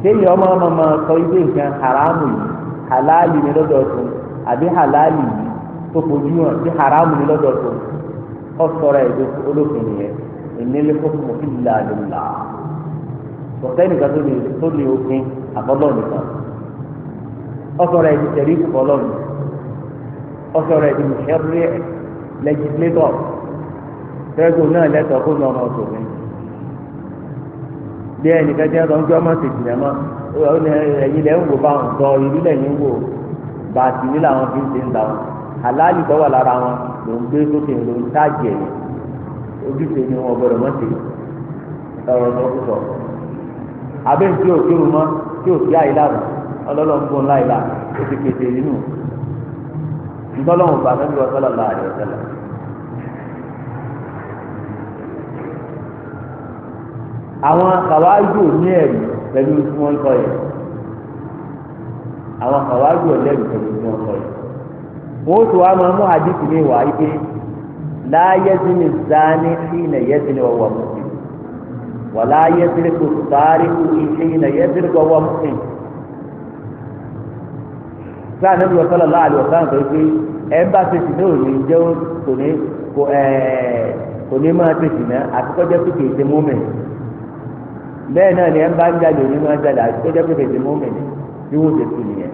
Speaker 1: téèyàn ọmọ ọmọ ọmọ sọ ibi nǹkan haramu yìí halali ni lọ́dọọdún àbí halali yìí tó fojú hàn sí haramu ni lọ́dọọdún ọ̀sọ̀rọ̀ ẹ̀dọ́ olófin yẹn ìnílẹ̀ fọ́fún ìlàlùlà kò sẹ́nìkan tó lè òfin àbọ̀lọ́ nìkan ọsọrọ ẹdi tẹri kọlọn ọsọrọ ẹdi mùsẹrẹ lẹgislétọ tẹrẹgbọn náà lẹtọ kó nà ọmọ tó mi bí ẹnì kẹtẹ ẹ lọ́njọ́ ọmọ tètè náà mọ́ ẹ̀yin lẹ́yìn wò báwọn sọ ìlú lẹ́yìn wò bàtì ní làwọn fi ń ṣe ń ta wọn àlàálì tó wà lára wọn ló ń gbé sókè ló ń tájì ojúṣe ni wọn gbọdọ̀ mọ́tì ọ̀rọ̀ lọ́kùsọ̀ abẹ́ǹtí òkèrú mọ́ ọlọ́lọ́gbọ́n láìla ó ti kéde nínú ntọ́lọ́wọ́n bá nàbí wọ́n sọ́lá láàrin ọ̀sẹ̀lá. àwọn kàwájú ní ẹ̀rí pẹ̀lú tí wọ́n kọ́ yẹn àwọn kàwájú ọ̀lẹ́rù pẹ̀lú tí wọ́n kọ́ yẹn. wọ́n tún wá máa mú àdìsí ní ìwà yìí pé láyé sí ni zani sí ni yẹ sí ni wọ́wọ́ mùsùlùmí wà láyé sí ni kò sáré kú iṣẹ́ ni yẹ sí ni wọ́wọ́ mùsùlùmí. fún anabi wa sọlọ láàlú wa sọlọ pé ẹmbàṣẹ sì ní òní kò ní kò ẹ kò ní máa ṣe náà àtikọ́jẹ́ pé kì í ṣe mọ́mẹ̀ bẹ́ẹ̀ náà ni ẹmbà ń jáde òní máa jáde àtikọ́jẹ́ pé kì í ṣe ni wọ́n ṣe tù nìyẹn.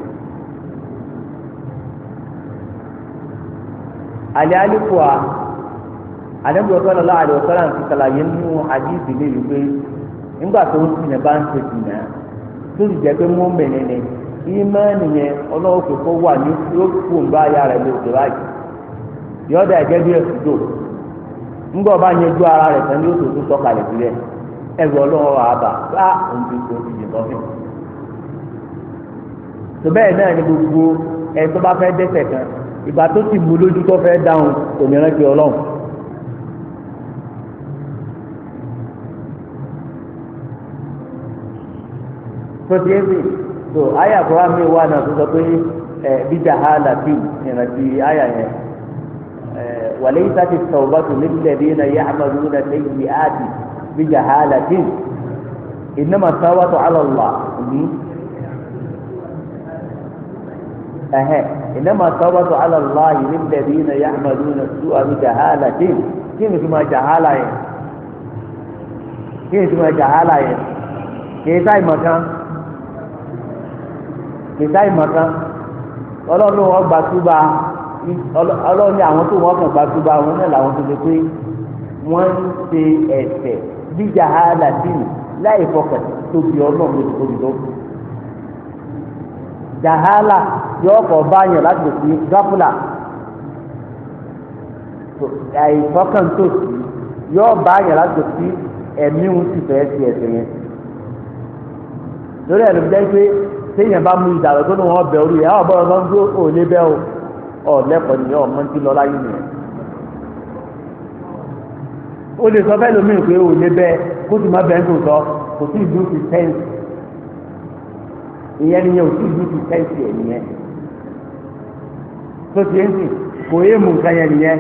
Speaker 1: àlẹ́ alíkùá anabi wa sọlọ láàlú wa sọlọ ti ṣàlàyé nínú àdìsí mi tó ń náà bá ń ìmánì yẹn ọlọ́wọ́ pé kó wà ní yóò aya rẹ̀ lè òkè báyìí yọ̀ọ́dà ẹ̀jẹ̀ bí ẹ̀sùn tó yẹn ju ara rẹ̀ tán ní tó sọ̀kalẹ̀ sílẹ̀ ẹ̀rù ọlọ́wọ́ àbá bá òun ti lọ́fẹ̀. tó bẹ́ẹ̀ náà ni gbogbo ẹ̀ tó bá fẹ́ kan ìgbà tó ti mú lójú so aya tó wá mi wá náà tó sọ pé ẹ bíjà ha làbí ìrántí aya yẹn ẹ wàlẹ́ ìta ti sọ̀rọ̀ bá tó nílẹ̀ bí iná yá amadu náà lẹ́yìn áàdì bíjà ha làbí ìnáma sáwá tó alọ́lá ní ẹ̀hẹ́ ìnáma sáwá tó alọ́lá yìí nílẹ̀ bí iná yá amadu náà tó àbí jà ha làbí kí ni tó máa jà ha là yẹn kí ni tó máa jà ha là yẹn kì í sáì mọ̀ lèta ìmọ̀kan ọlọ́run wọn gba túbà ọlọ́run ní àwọn tó wọn kàn gba túbà wọn náà làwọn tó lè pé wọ́n ń ṣe ẹ̀ṣẹ̀ jíjà aládìní láì fọkàn tóbi ọlọ́run ló ti tóbi tó jahala yóò kọ báyọ̀ láti lè fi gáfúlà àìfọkàntòsí yóò báyọ̀ láti lè fi ẹ̀mí ń sì fẹ́ ti ẹ̀sìn yẹn lórí ẹ̀ ló jẹ́ pé téèyàn bá mú ìdàrọ̀ tó ní wọn bẹ̀ orí ẹ̀ àwọn ọ̀bọ̀n ọ̀sán tó ò lé bẹ́ o ọ̀ lẹ́kọ̀ọ́ nìyẹn ọmọ ti lọ láyé nìyẹn. ó lè sọ bẹ́ẹ̀ lómi ìpè ò lé bẹ́ẹ̀ kó sì má bẹ́ẹ̀ tó sọ kò sí ìlú ti tẹ́ǹsì ìyẹn nìyẹn ò sí ìlú ti tẹ́ǹsì ẹ̀ nìyẹn tó ti ń sìn kò yé mú nǹkan yẹn nìyẹn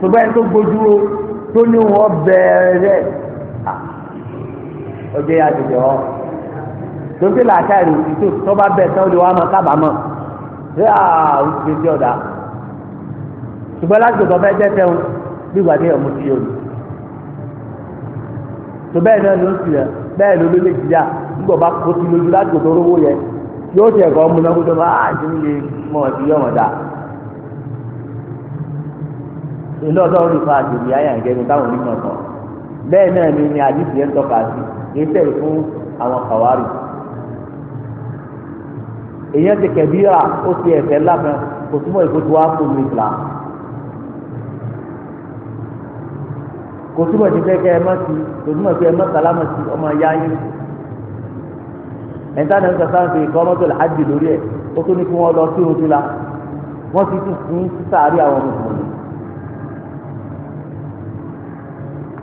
Speaker 1: tó tó gbójú o tó ní wọn bẹ́ẹ̀ rẹ̀ ọjọ́ yà tóbi làákàrí òtítọ́ tọ́ba bẹ́ẹ̀ tán lè wá máa kábàámọ̀ ṣé àwọn ìgbésí ọ̀dà ṣùgbọ́n láti tó fẹ́ jẹ́ tẹ́hun bí ìgbà tí ọmọ ti yọ ni tó bẹ́ẹ̀ náà ló ń sì rẹ̀ bẹ́ẹ̀ ló ló lè jìyà nígbà bá kó sí lójú láti tó rówó yẹ yóò ti ẹ̀kọ́ ọmọ náà kó tó bá àti ní iye mọ̀ ọ́ ti yọ̀ wọ́n dà ilé ọlọ́run ní fa àjòyí ayé àjẹnu táwọn onímọ̀ kan bẹ́ẹ̀ náà ni ni àdìsí ẹ̀ tọ́ka sí ètò èèyàn ti kẹ̀bíra ó ti ẹ̀fẹ̀ lábẹ́ kò túmọ̀ ìkótó wa kò ní ìlà kò túmọ̀ ti fẹ́ kẹ́ ẹ má ti kò túmọ̀ fẹ́ ẹ má sálámà sí ọmọ ya yín ẹ̀ńtà náà sọ sáà ń fi ìkọ́ mọ́tò làájì lórí ẹ̀ ó tún ní kí wọ́n lọ sí ojú la wọ́n ti tún fún sáàrí àwọn mùsùlùmí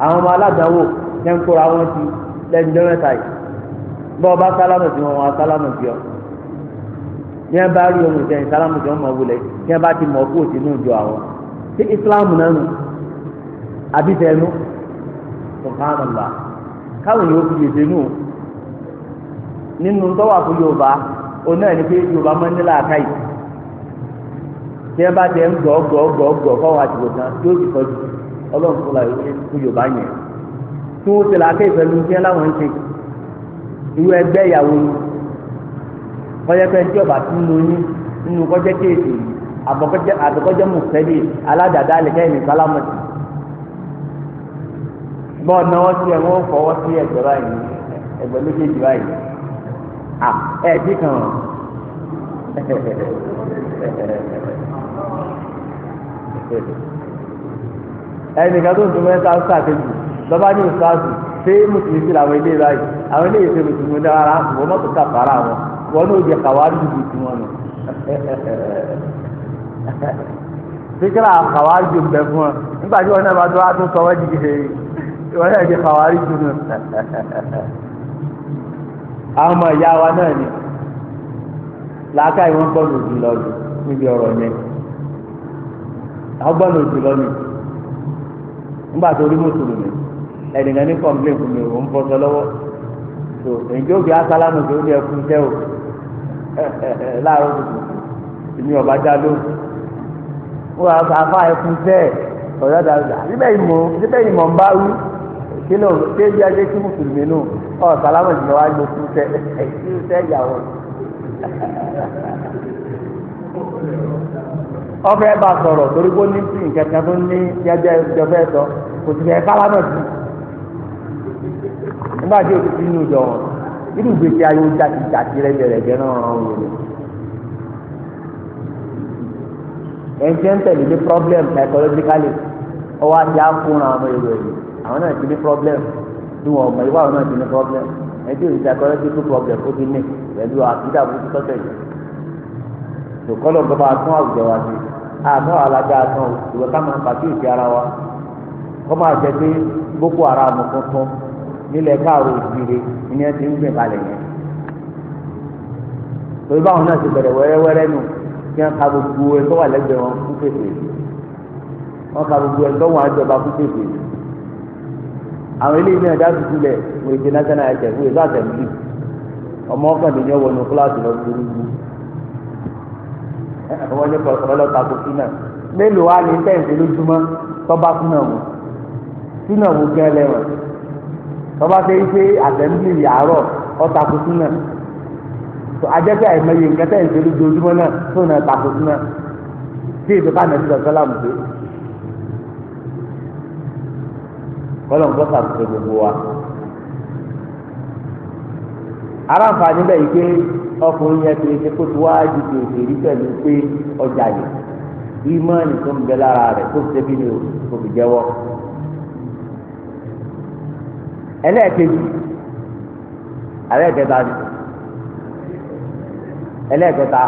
Speaker 1: àwọn ọmọ aládàáwò ṣe wọn ti lẹ́nu dẹ́rẹ́ta yìí bọ́ọ̀ bá sálámà sí wọn wọn á sálámà sí ọ ní ẹ bá rí ohun ìjẹun ìsálámù jọ mọ wulẹ ní ẹ bá ti mọ kú òsì ní ìjọ àwọn ṣé ìsìlámù náà nù àbí tẹnu subhanallah káwọn yóò fi yèsè nù nínú tọ́wà fún yorùbá òun náà ní pé yorùbá máa ń ní làákà yìí tí ẹ bá tẹ ń gbọ́ gbọ́ gbọ́ gbọ́ fọwọ́ àtìkò kan yóò ti tọ́jú ọlọ́run fún la fún yorùbá yẹn tí wọ́n ti làákà ìfẹ́ kọjá pé ẹjọ́ bá tún lo yín nínú kọjá kéèké àbọ̀kọjá àbọ̀kọjá mùsẹ́lì aládàáda àlẹ́kẹ́ ẹ̀mí sálámù bọ́ọ̀ náwó sí ẹ̀ wọ́n fọwọ́ sí ẹ̀gbẹ́ báyìí ẹ̀gbẹ́ méjèèjì báyìí à ẹ̀ ti kàn án ẹnìkan tó ń tún mẹ́ta ń sàkéjì lọ́ba ní ìsáàsì ṣé mùsùlùmí sí làwọn ilé báyìí àwọn ilé ìṣe mùsùlùmí dára àwọn mọ́tò kàfàrà wọn wọn n'o jẹ kawari ju ti wọn nọ sikira kawari ju bẹ fún wa nígbà tí wọn náà bá tó a tó sọ wọn jigi he wọn náà jẹ kawari ju nọ àwọn ọmọ ìyá wa náà ni làákà ìwọn gbọ́dọ̀ òdì lọdù níbi ọ̀rọ̀ yẹn àwọn gbọ́dọ̀ òdì lọdù nígbà tó rí mùsùlùmí ẹnìkan ní kọ́ńplé fún mi òun bọ́ sọ lọ́wọ́ tó èyí tó fi asálámù tó dé ẹkú tẹ́ o. láàárọ̀ ụmụ ọba já ló wọn wá sọ ẹkún ìmọ̀ ìmọ̀ ń bá wú kí ló bí ajé ọ sàlámù ìjìnlẹ̀ ìyàwó ọbẹ̀ bá sọ̀rọ̀ torí kó ní sí tó ní jẹjẹ ìjọba ẹ̀tọ́ kò sì nígbà tí o ti fi irú ìgbésí ayé ó jáde jáde rẹ́gẹ̀rẹ́gẹ́ náà ràn wọ́n lò. ẹ̀jẹ̀ ń tẹ̀lé ní problem psychologically ọwọ́ àti àkúnra àwọn èrò ẹ̀yìn àwọn náà ti ní problem ní wọn ọmọ ìwà àwọn náà ti ní problem ẹ̀jẹ̀ ò psychological problem ó ti ní pẹ̀lú àbídà bó ti yìí. tòkọ́lọ̀ bàbá àtún àwùjọ wa sí àmọ́ alága àtún ìwé ká máa pàṣẹ ìfẹ́ ara wa kọ́ máa jẹ pé Boko Haram tuntun nílẹ̀ káàró ìdíire ní ẹ ti ń gbìn kalẹ̀ yẹn torí báwọn náà ti bẹ̀rẹ̀ wẹ́rẹ́wẹ́rẹ́ nù kí wọ́n ka gbogbo ẹ tó wà lẹ́gbẹ̀ẹ́ wọn fún pèsè wọ́n ka gbogbo ẹ tó wà jọba fún pèsè àwọn eléyìí náà dáàbò sílẹ̀ wọ́n ti national ẹ̀jẹ̀ fún èso àtẹ̀mí ọmọ ọ̀kàndínlẹ́ wọ inú kíláàsì lọ sí orúkú wọ́n ní ọlọ́ta kò sí náà mélòó wá tọ́ba ṣe é ṣe àtẹ̀mílì yàárọ̀ ọ̀tà kùsùn náà ajẹ́pẹ́ àìmọye nǹkan tẹ̀ ń ṣe lójoojúmọ́ náà tó náà ta kùsùn náà tí èso ká nàìjíríà sọ́lá mú pé kọ́lọ̀ ń bọ́ sàkóso gbogbo wa ara nfààní bẹ́ẹ̀ yìí pé ọkùnrin yẹn kiri ṣe kó tó wá ju kèrèkè rí pẹ̀lú pé ọjà yìí ìmọ̀ nìkan bẹ lára rẹ̀ kó fi ṣe kí ni o ẹlẹ́ẹ̀kejì ẹlẹ́ẹ̀kẹta ni ẹlẹ́ẹ̀kẹta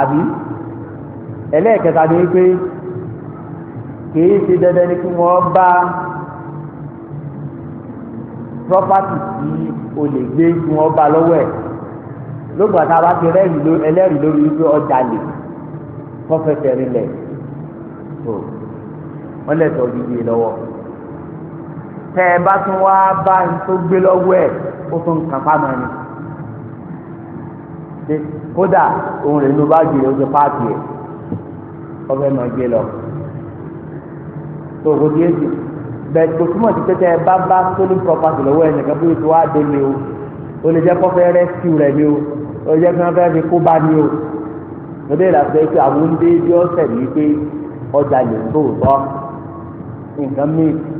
Speaker 1: àbí ẹlẹ́ẹ̀kẹta ni pé kìí ṣe dandan ni kí wọ́n bá property tí o lè gbé kí wọ́n bá lọ́wọ́ ẹ̀ lóògbà tá a bá ti rẹ́rìí ẹlẹ́rìí lórí wípé ọjà lè kọ́fẹ́sẹ̀ rinlẹ̀ tó wọ́n lẹ̀ tọ́ gidi lọ́wọ́ tẹ ẹ bá tún wá bá tó gbé lọ́wọ́ ẹ̀ ó tún kàn pa mọ́ ni kódà òun rẹ̀ ló bá jèrè ó ti páàkì ẹ̀ ọbẹ̀ máa gbé lọ tòkòtò yẹn ti bẹ́ẹ̀ tó túmọ̀ sí pé tẹ ẹ bá bá sólù property lọ́wọ́ ẹ̀ nìkan bí o ti wá dé mi o o lè jẹ́ kó fẹ́ rescue rẹ̀ mi o o lè jẹ́ kó fẹ́ fi kó bá mi o lóde ìlànà pé àwọn ń dé ọ̀sẹ̀ ní pé ọjà lè tó tọ́ nǹkan mìíràn.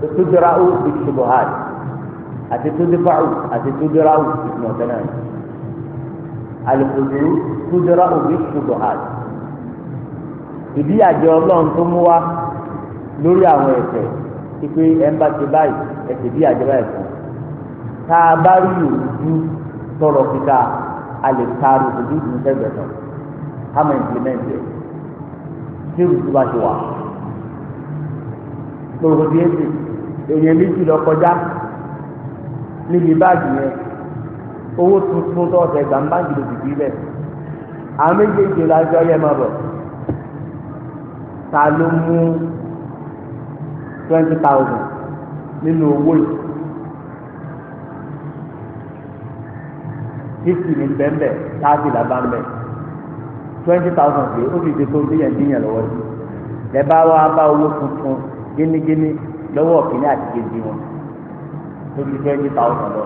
Speaker 1: tudra'u bisubuhat àti tudfa'u àti tudra'u ìtumọ̀ tẹ́lẹ̀ alùpùpù tudra'u bisubuhat ìdí àjọ ọlọ́run tó mú wa lórí àwọn ẹ̀ṣẹ̀ pípé ẹ̀ ń bá ti báyìí ẹ̀ṣẹ̀ bí àjọ báyìí fún tá a bá rí òjú tọrọ kíkà a lè taari òjú ìdúnsẹ́gbẹ̀ẹ́ ká mọ̀ ìpìlẹ̀mẹ̀ntì ẹ̀ tí òjú bá ti wà gbogbo bíi èsì èèyàn méjì lọ kọjá níbi báàgì yẹn owó tuntun tó ọ̀sẹ̀ gbà ń báàgì lò dìbí lẹ̀ àwọn méjèèjì lájọ yẹ máa bọ̀ ta ló mú twenty thousand nínú owó yìí fifty ní bẹ́ẹ̀nbẹ́ẹ̀ thirty là bá ń bẹ̀ twenty thousand pé ó fi ṣe tó díyàn díyàn lọ́wọ́ sí ẹ bá wá bá owó tuntun génégéné lọ́wọ́ kìíní àti kejì wọn tó ti twenty thousand lọ.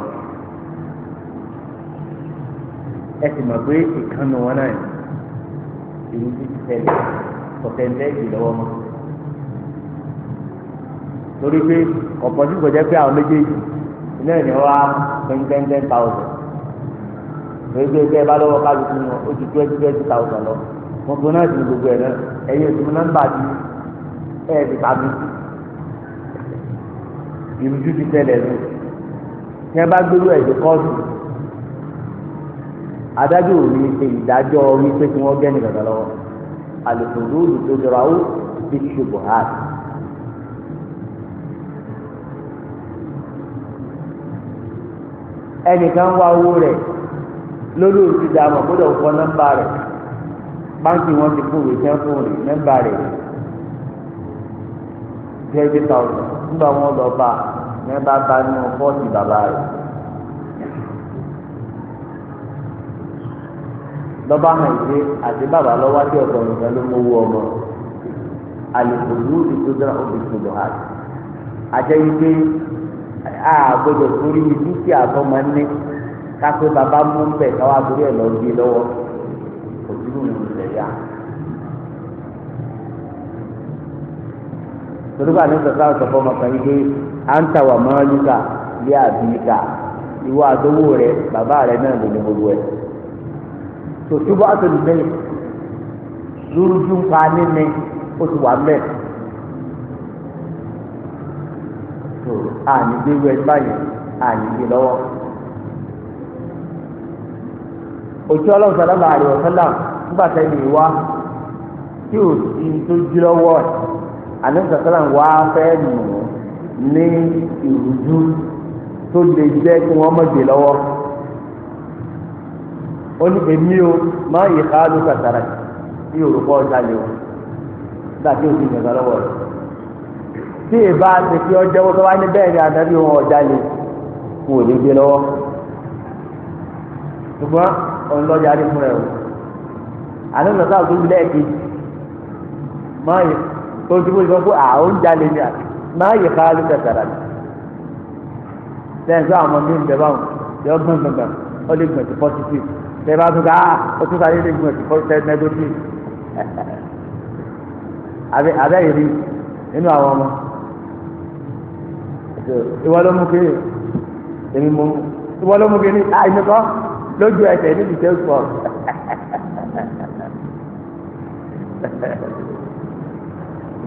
Speaker 1: ẹ sì mọ̀ pé ìkànnì wọn náà ìlú ti ti tẹ̀lé kọ̀tẹ́ńtẹ́ẹ̀tì lọ́wọ́ mọ́. torí pé ọ̀pọ̀ tí kò jẹ́ pé àwọn méjèèjì iná ẹ̀ ní wọ́n á pín ten ten thousand. torí pé ẹgbẹ́ bá lọ́wọ́ kálukú wọn ó ti twenty twenty thousand lọ. wọn kò náà ti gbogbo ẹ̀ náà ẹ̀yẹ ìtumọ̀ nọ́mbà ti ẹ̀ẹ́dì ìrújú ti tẹ̀lẹ̀ nù tí wọ́n bá gbérú ẹ̀jẹ̀ kọ́ọ̀tù adájọ́ ò ní ṣe ìdájọ́ wípé kí wọ́n gẹ́ni lọ́dọ̀ lọ́wọ́ àlùkò lóòlù tó jọra ó ti ṣubú hàn. ẹnìkan wá owó rẹ̀ lórí òsì dààmú gbọ́dọ̀ kọ nọ́mbà rẹ̀ báńkì wọn ti fún ìwé fún rẹ̀ nọ́mbà rẹ̀ twenty thousand nígbà wọn lọ bá a ní bá ba nínú pọ́ọ̀tì bàbá rẹ̀ lọ́ba hàn pé àti bàbá lọ́wọ́ tí ọ̀dọ̀ nìkan ló mówó ọmọ àlùkò lóòdì tó dára ó fi sọ̀rọ̀ hà àjẹ́ wípé a gbọ́dọ̀ torí dúkìá tó máa ń ní kápẹ́ bàbá mú bẹ̀ káwá torí ẹ̀ lọ́ọ́ gbé lọ́wọ́ òtún ló ń sẹ̀yà. torípa ní sọ̀tà ọ̀sọ̀fọ́ ọmọkàn yìí pé à ń tàwà mọ́lúkà bí àbíkà ìwọ àdówó rẹ bàbá rẹ náà ló ní gbogbo ẹ̀. tòṣùbọ́ àtòlùmẹ́ lórúdú ń pa níní o ti wà mẹ́. àní gbé wẹ báyìí àní gbé lọ́wọ́. òtí ọlọ́run sọ̀rọ̀ bàrẹ̀ ọ̀sán náà nígbà tẹ́lẹ̀ wá tí ò sí tó jí lọ́wọ́ ẹ̀. àdéhùnsọ̀tàlà wà á fẹ́ nù ní ìrújú tó lè jẹ́ kí wọ́n mọ̀ dé lọ́wọ́ ó ní èmi o má yìí ká ló kàtàrà tí òrùkọ́ ọjà lè wọ̀ dàbí òsì ìjọba lọ́wọ́ rẹ̀ tí ìbá ti fi ọjọ́ wọ́n tó wá ní bẹ́ẹ̀ ni àdábì wọn ọjà lè kú òní gbé lọ́wọ́ ṣùgbọ́n òun lọ́jà rí fún ẹ̀ o àdéhùnsọ̀tàlà tó lẹ́ẹ̀kejì má yìí tó ti bó ti sọ pé àwọn jalè ni àti máa yẹ ká ló tẹ̀sàrà ni lẹ́yìn tó àwọn ọmọdé ń bẹ báwọn yọ gbọ̀n gbọ̀ngàn ó lè gbọ̀n ti positive tẹ bá tó ká ó tún sáré lè gbọ̀n ti positive negative abẹ́ abẹ́ yìí rí nínú àwọn ọmọ ìwọ ló mú kiri èmi mú ìwọ ló mú kiri àìsàn kan lójú ẹsẹ̀ níbi tẹ́ sọ̀rọ̀.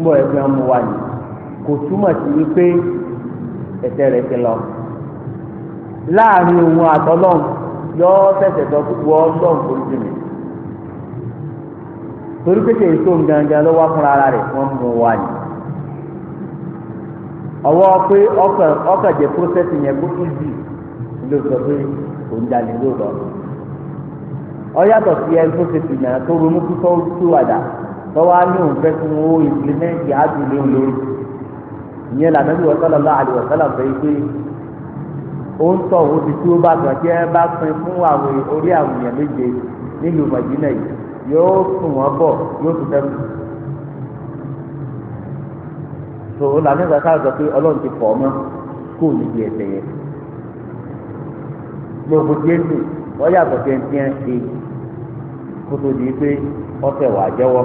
Speaker 1: níbo ẹ̀ fi hàn mú kò túmọ̀ sí wípé ti lọ láàrin òun àtọ́lọ́n yọ fẹsẹ̀ tó wọ ọlọ́n foríjì mi torí pé kèé gangan ló wá fúnra ara rẹ̀ wọ́n mú wa yìí ọwọ́ pé yẹn kó tún ló sọ pé ló tọ́wọ́ á ní òun fẹ́ kí wọ́n ìpìlímẹ́ǹtì àdúlé olórí ìyẹn lànà bí wọ́sọ́lá lọ àdìwọ̀sọ́lá fẹ́ pé ó ń tọ̀ ó ti tó bá gbà tí ẹ bá pin fún àwọn orí àwọn èèyàn méje nílùú mọ̀jìnà yìí yóò sùn wọ́n bọ̀ yóò tún fẹ́ kù. tó o lànà ìgbàsá sọ pé ọlọ́run ti fọ̀ ọ́ kó o níbi ẹ̀sẹ̀ yẹn gbogbo jésù wọ́n yàtọ̀ kẹ́ńtì ẹ̀ ṣe kótó di pé ọ̀sẹ̀ wà jẹ́wọ́.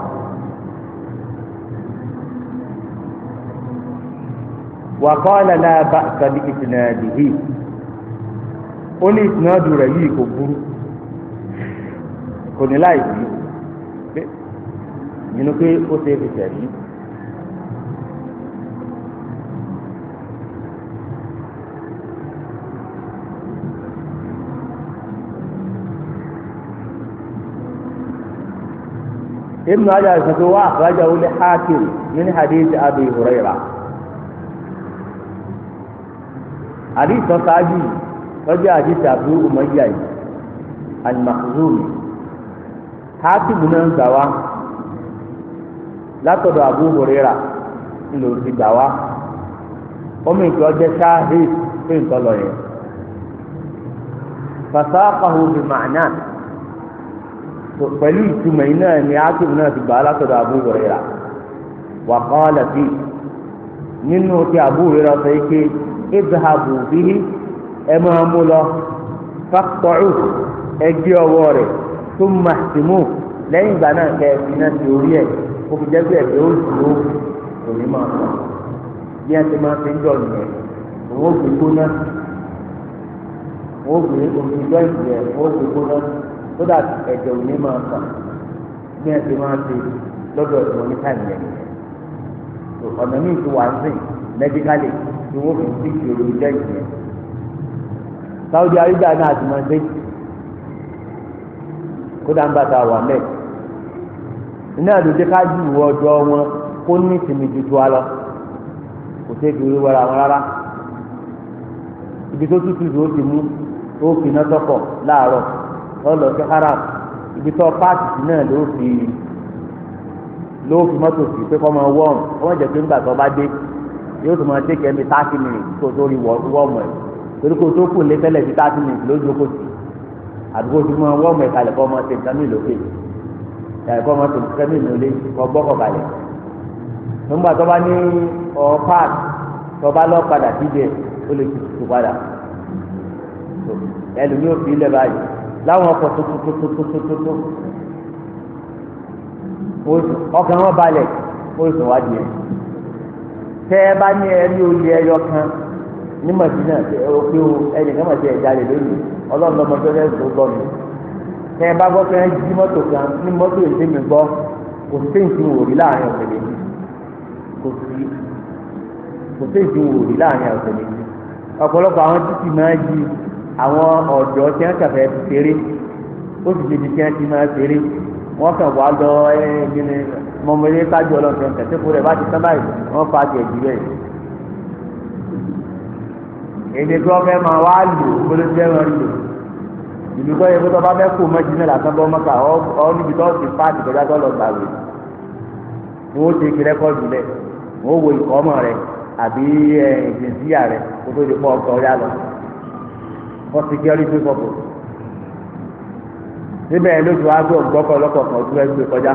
Speaker 1: وقال لا بأس بإسناده قولي إسناد رأيه كبير كوني لا يقول منك أسيب سري ابن عجل سكواه رجعوا لحاكم من حديث أبي هريرة àdìsọ sáájú lọ́jọ́ àdìsọ àbúrò ọmọdéyà yìí alimakuzumi haatibu náà ń gbà wá látọ̀dọ̀ Abu Huraira ńlò ti gbà wá omi ìjọ jẹ́ sáhìd fún yẹn bi ma'na pẹ̀lú ìtumọ̀ iná ni haatibu náà ti gbà wá látọ̀dọ̀ Abu Huraira wa qala nínú ti sọ idhabu bihi ẹ máa mú lọ faqta'u ẹgbẹ́ ọwọ́ rẹ̀ thumma ihtimu lẹ́yìn ìgbà náà kẹ́ ẹ fi náà ti orí ẹ̀ kó fi jẹ́ pé ẹ̀gbẹ́ ó dùn ó kò ní máa sọ bí ẹ ti máa fi ń jọ nìyẹn òun ó gbé gbóná òun ó gbé omi ìjọ ìjìyẹ òun ó gbé gbóná tó dà ẹ̀jẹ̀ òun máa sọ bí ẹ ti máa fi lọ́dọ̀ ẹ̀sìn oníkàìyẹn ọ̀nà míì ti wà ń sìn mẹ́díkálì. ni wọ́n fi síkì olórí dẹ́gbẹ̀ẹ́ rẹ̀. Saudi Arabia náà ti máa dé kódà ń bàtà wà mẹ́ẹ̀ iná àdójẹ́ ká jù wọ ọjọ́ wọn kó ní ìsinmi tuntun wa lọ kò sí wọn rárá ibi tó tútù tó ti mú ó fi yóò tó máa tẹ́kẹ̀ mi thirty minutes kó tó rí wọ́ọ̀mù ẹ̀ torí kó tó kù lé tẹ́lẹ̀ sí thirty minutes lójú kò sí àdúgbò tó máa wọ́ọ̀mù ẹ̀ kalẹ̀ kọ́ ọmọ ṣe nǹkan mi lókè kalẹ̀ kọ́ ọmọ ṣe nǹkan mi lólé kọ́ gbọ́kọ̀ balẹ̀ nígbà tó bá ní ọ park tó bá lọ padà díje ó lè tutù padà ẹlòmí ò fi ilẹ̀ báyìí láwọn ọkọ̀ tututututututu ọkàn wọn balẹ̀ ó sùn wájú yẹn tẹ́ ẹ bá ní ẹ ní olè ẹyọ kan ní mọ̀tínà òkè o ẹnì kan mọ̀tí ẹ̀já lè lónìí ọlọ́run lọ́mọ tó lẹ́ tó gbọ́ mi tẹ́ ẹ bá gbọ́ pé ẹ jí mọ́tò kan ní mọ́tò èdè mi gbọ́ kò sí nǹkan wò rí láàrin ọ̀sẹ̀ méjì kò sí kò sí nǹkan wò láàrin ọ̀sẹ̀ méjì ọ̀pọ̀lọpọ̀ àwọn títì máa jí àwọn ọ̀dọ́ tí wọ́n kàfẹ́ ṣeré ó sì débi tí wọ́n ti máa ṣeré wọ́n kàn wá lọ ẹ́ẹ́ mọ̀mọ́lé kájú ọlọ́run kẹ̀kẹ́ tó rẹ̀ bá ti tán báyìí wọ́n fa jẹ̀ jù rẹ̀. èdè tí wọ́n fẹ́ máa wá lò gbólóṣẹ́ wọn lò ìlú tó yẹ kó tó bá fẹ́ kó mọ́jú náà lásán bọ́ mọ́kà ọ níbi tó ti pa àtìkọjá tó lọ gbàgbé wọ́n ó ti kí rẹ́kọ́ọ̀dù rẹ̀ wọ́n ó wo ìkọ́mọ̀ rẹ̀ àbí ìgbésíyà rẹ̀ kó tó di pọ̀ ọkọ̀ yá lọ for security purpose. níbẹ̀ lójú wa gbọ́ gbọ́kọ̀ lọ́kọ̀ọ̀kan ojú ẹgbẹ́ kọjá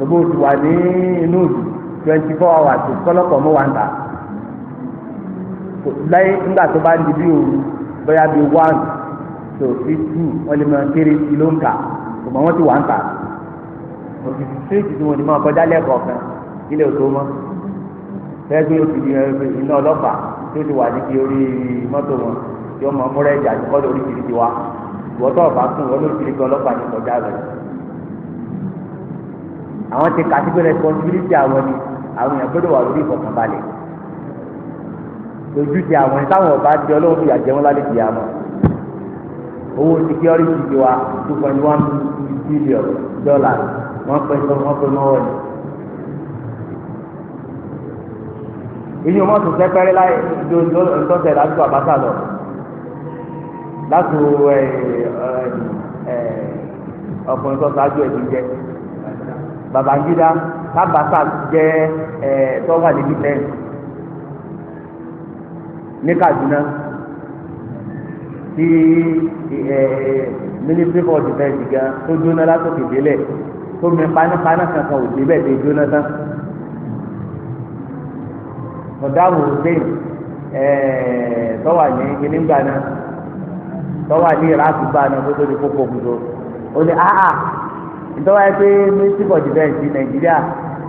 Speaker 1: gbogbo oṣù wà ní inú òdù twenty four hours kọ́lọ́kọ̀ mọ́ wa ń ta lẹ́yìn nígbà tó bá ń di bí òru bóyá bí one to sí two wọ́n lè máa kéré sí ló ń kà ọmọ wọn ti wà ń ta òsì síríìtì tí wọn ti máa kọjá lẹ́kọ̀ọ́ kan ilé òtó mọ́ fẹ́ẹ́gbẹ́ òsì di eh, iná ọlọ́pàá tí ó ti wà ní kí orí mọ́tò wọn tí wọ́n máa múrẹ́jà kọ́ lórí kiri ti wá ìwọ́tọ̀ fún wọn lórí kiri ní kọjá rẹ̀ àwọn ti kàtí pé responsibility àwọn ni àwọn èèyàn gbọ́dọ̀ wà lórí ìfọ̀kànbalẹ̀ ojú ti àwọn táwọn ọba di ọlọ́run fìyà jẹ wọn lálẹ́ fìyà mọ́ owó security ti wa two point one billion dollars wọ́n pẹ́ sọ wọ́n pẹ́ mọ́wọ́ ni. inú wọn tún sẹ́pẹ́rẹ́ láì lọ́sẹ̀ lásìkò àbáṣà lọ lásìkò ọkùnrin tó ṣáájú ẹ̀ ti jẹ́. Babangida Tabata jẹ́ ẹ̀ tọ́wà níbi tẹ́ ní Kaduna tí ẹ̀ ministry for defence gan tó jóná látòkè délẹ̀ tó mi panápaná kankan ò débẹ̀ tó jóná tán ọ̀dáwò Hussein ẹ̀ tọ́wà ní Gínígbà náà tọ́wà ní Iraq gbà náà kó tó di kókó gbòdó ó ní áhà ìtọ́wá yẹ pé ní síbọ̀ jìbẹ́ ti nàìjíríà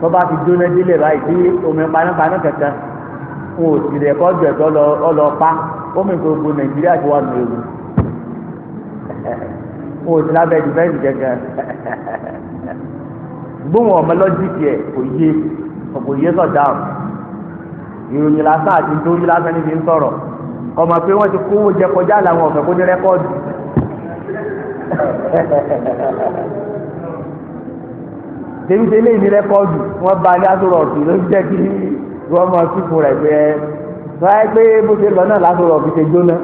Speaker 1: tó bá fi jóná délé báyìí tí omi panápaná kankan ń ò sì rẹ̀ kọ́jú ẹ̀tọ́ ọlọ pa omi gbogbo nàìjíríà ti wà nù ewu ń ò sì lábẹ́ jìbẹ́ ti kankan gbóhùn ọmọ lọ́jíìkì ẹ̀ kò yé kò yé sọ̀dá ìròyìn lásán àti nítorí lásán níbi ń sọ̀rọ̀ ọmọ pé wọ́n ti kówó jẹ kọjá làwọn ọ̀fẹ́ kó ní rẹ́kọ́ọ̀dù. tèmítẹ ilé ìní rẹkọọdù wọn bá ní asọrọọkì ló ń jẹ kí wọn mọ sípò rẹ pé ẹ láyé pé bó ṣe lọ náà lásọrọọkì ṣe jóná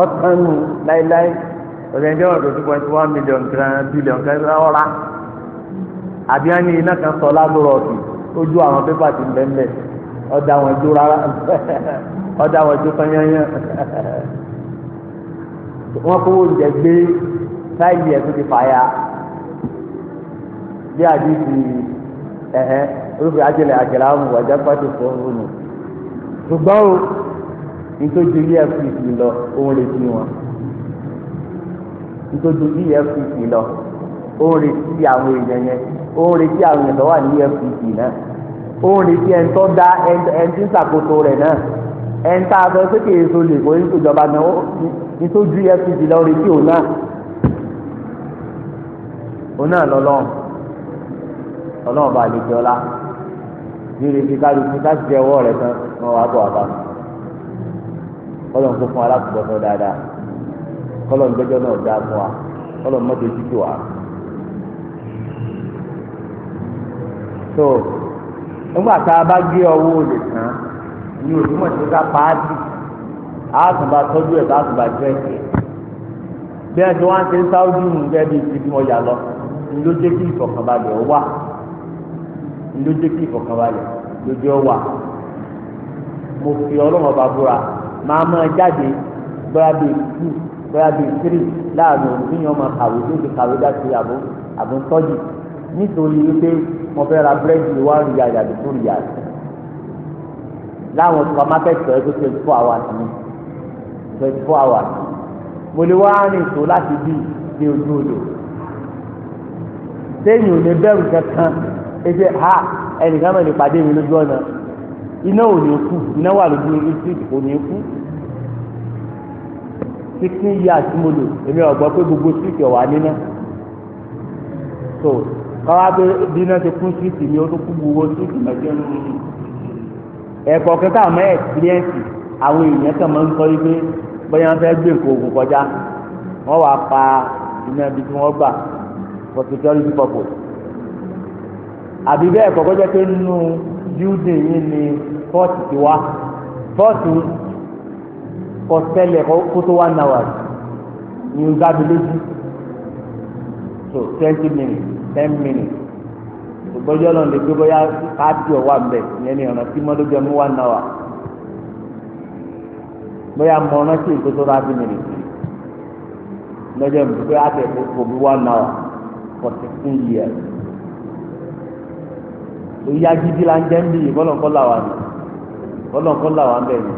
Speaker 1: ọtánu láéláé ọ̀sẹ̀ǹdẹ́ ọ̀dọ̀ two point one million grand billion kan ọ̀ra àbí wọn ní iná kan sọ lásọrọọkì ojú àwọn pépà ti ń bẹ́ńbẹ́ ọ̀dà wọn jó rárá ọ̀dà wọn jó tányányán wọn kó oúnjẹ gbé táìlì ẹ̀ tó ti fàyà. bí àdìsí ẹ̀hẹ́ olùfẹ́ àjẹlẹ̀ àjẹlẹ̀ àwọn ọ̀jà pàṣẹ fọ́ọ̀rù nù ṣùgbọ́n o nítorí ilé fcc lọ òun lè fi wọn nítorí ilé lọ òun lè fi àwọn èèyàn yẹn òun lè fi àwọn èèyàn tó wà ní náà òun lè fi ẹ̀ńtọ́ dá ẹ̀ńtí ṣàkóso rẹ̀ náà ẹ̀ńtà sọ pé lè kó ọlọ́run bá lè jọlá yìí ní kálukú láti jẹ ọwọ́ rẹ tán wọn wá bọ̀ àbá kọlọ̀ ń kó fún alákùbọ̀tán dáadáa kọlọ̀ ń gbẹ́jọ́ náà dáa fún wa kọlọ̀ ń mọ́tò so nígbà tá a bá gbé ọwọ́ olè tán ni ká tọ́jú ẹ̀ jẹ́ bí tí wọ́n á ti ń sáwọ́jú nù lọ ni ló jẹ́ kí ìfọ̀kànbalẹ̀ lójú kí ìfọ̀kànbalẹ̀ lójú ọwà mo fi ọlọ́run ọba búra máa máa jáde bóyá bíi two bóyá bíi three láàrin òun níyàn máa kàwé tó ti kàwé dáṣe àbò àbò ń tọ́jú nítorí wípé mo fẹ́ ra búrẹ́dì wá rí àyà àbí tó rí àyà láwọn supermarket rẹ tó twenty four hours ni twenty four hours mo lè wá rìn tó láti bí ojú odò sẹ́yìn ò lè bẹ̀rù kankan ẹsẹ ha ẹnìkan mọ̀ ní pàdé mi lójú ọ̀nà iná ò ní kú iná wà lójú street kò ní kú sixteen years mo lò èmi ọ̀gbọ́n pé gbogbo street ọ̀wà níná so kọ́wá pé bí iná ti kún street mi ó tó kú gbogbo street mẹ́jọ ní ẹ̀kọ́ kẹta mọ́ experience àwọn èèyàn kan máa ń sọ wípé bóyá wọ́n fẹ́ gbé nǹkan oògùn kọjá wọ́n wàá pa iná ibi tí wọ́n gbà for security purpose àbí bẹ́ẹ̀ kọ́kọ́ jẹ́ pé nínú building yìí ni fọ́ọ̀tì ti wá fọ́ọ̀tì kọ tẹ́lẹ̀ kó tó one hour ni ó gbábi lójú so twenty minutes ten minutes gbọ́dọ̀ ọ̀nà lè gbé bóyá káàdì ọ̀wà ń bẹ̀ ìyẹn ni ọ̀nà tí mọ́tò jẹ́ mú one hour bóyá mọ ọ̀nà tí èkó tó thirty minutes lọ́jọ́ ìbùkún pé àtẹ̀kọ́ kò bí one hour for sixteen years ìyá gidi la ń jẹ́ ń bì yìí bọ́lọ̀ ńkọ́ là wà ní bọ́lọ̀ ńkọ́ là wà ń bẹ̀ ní.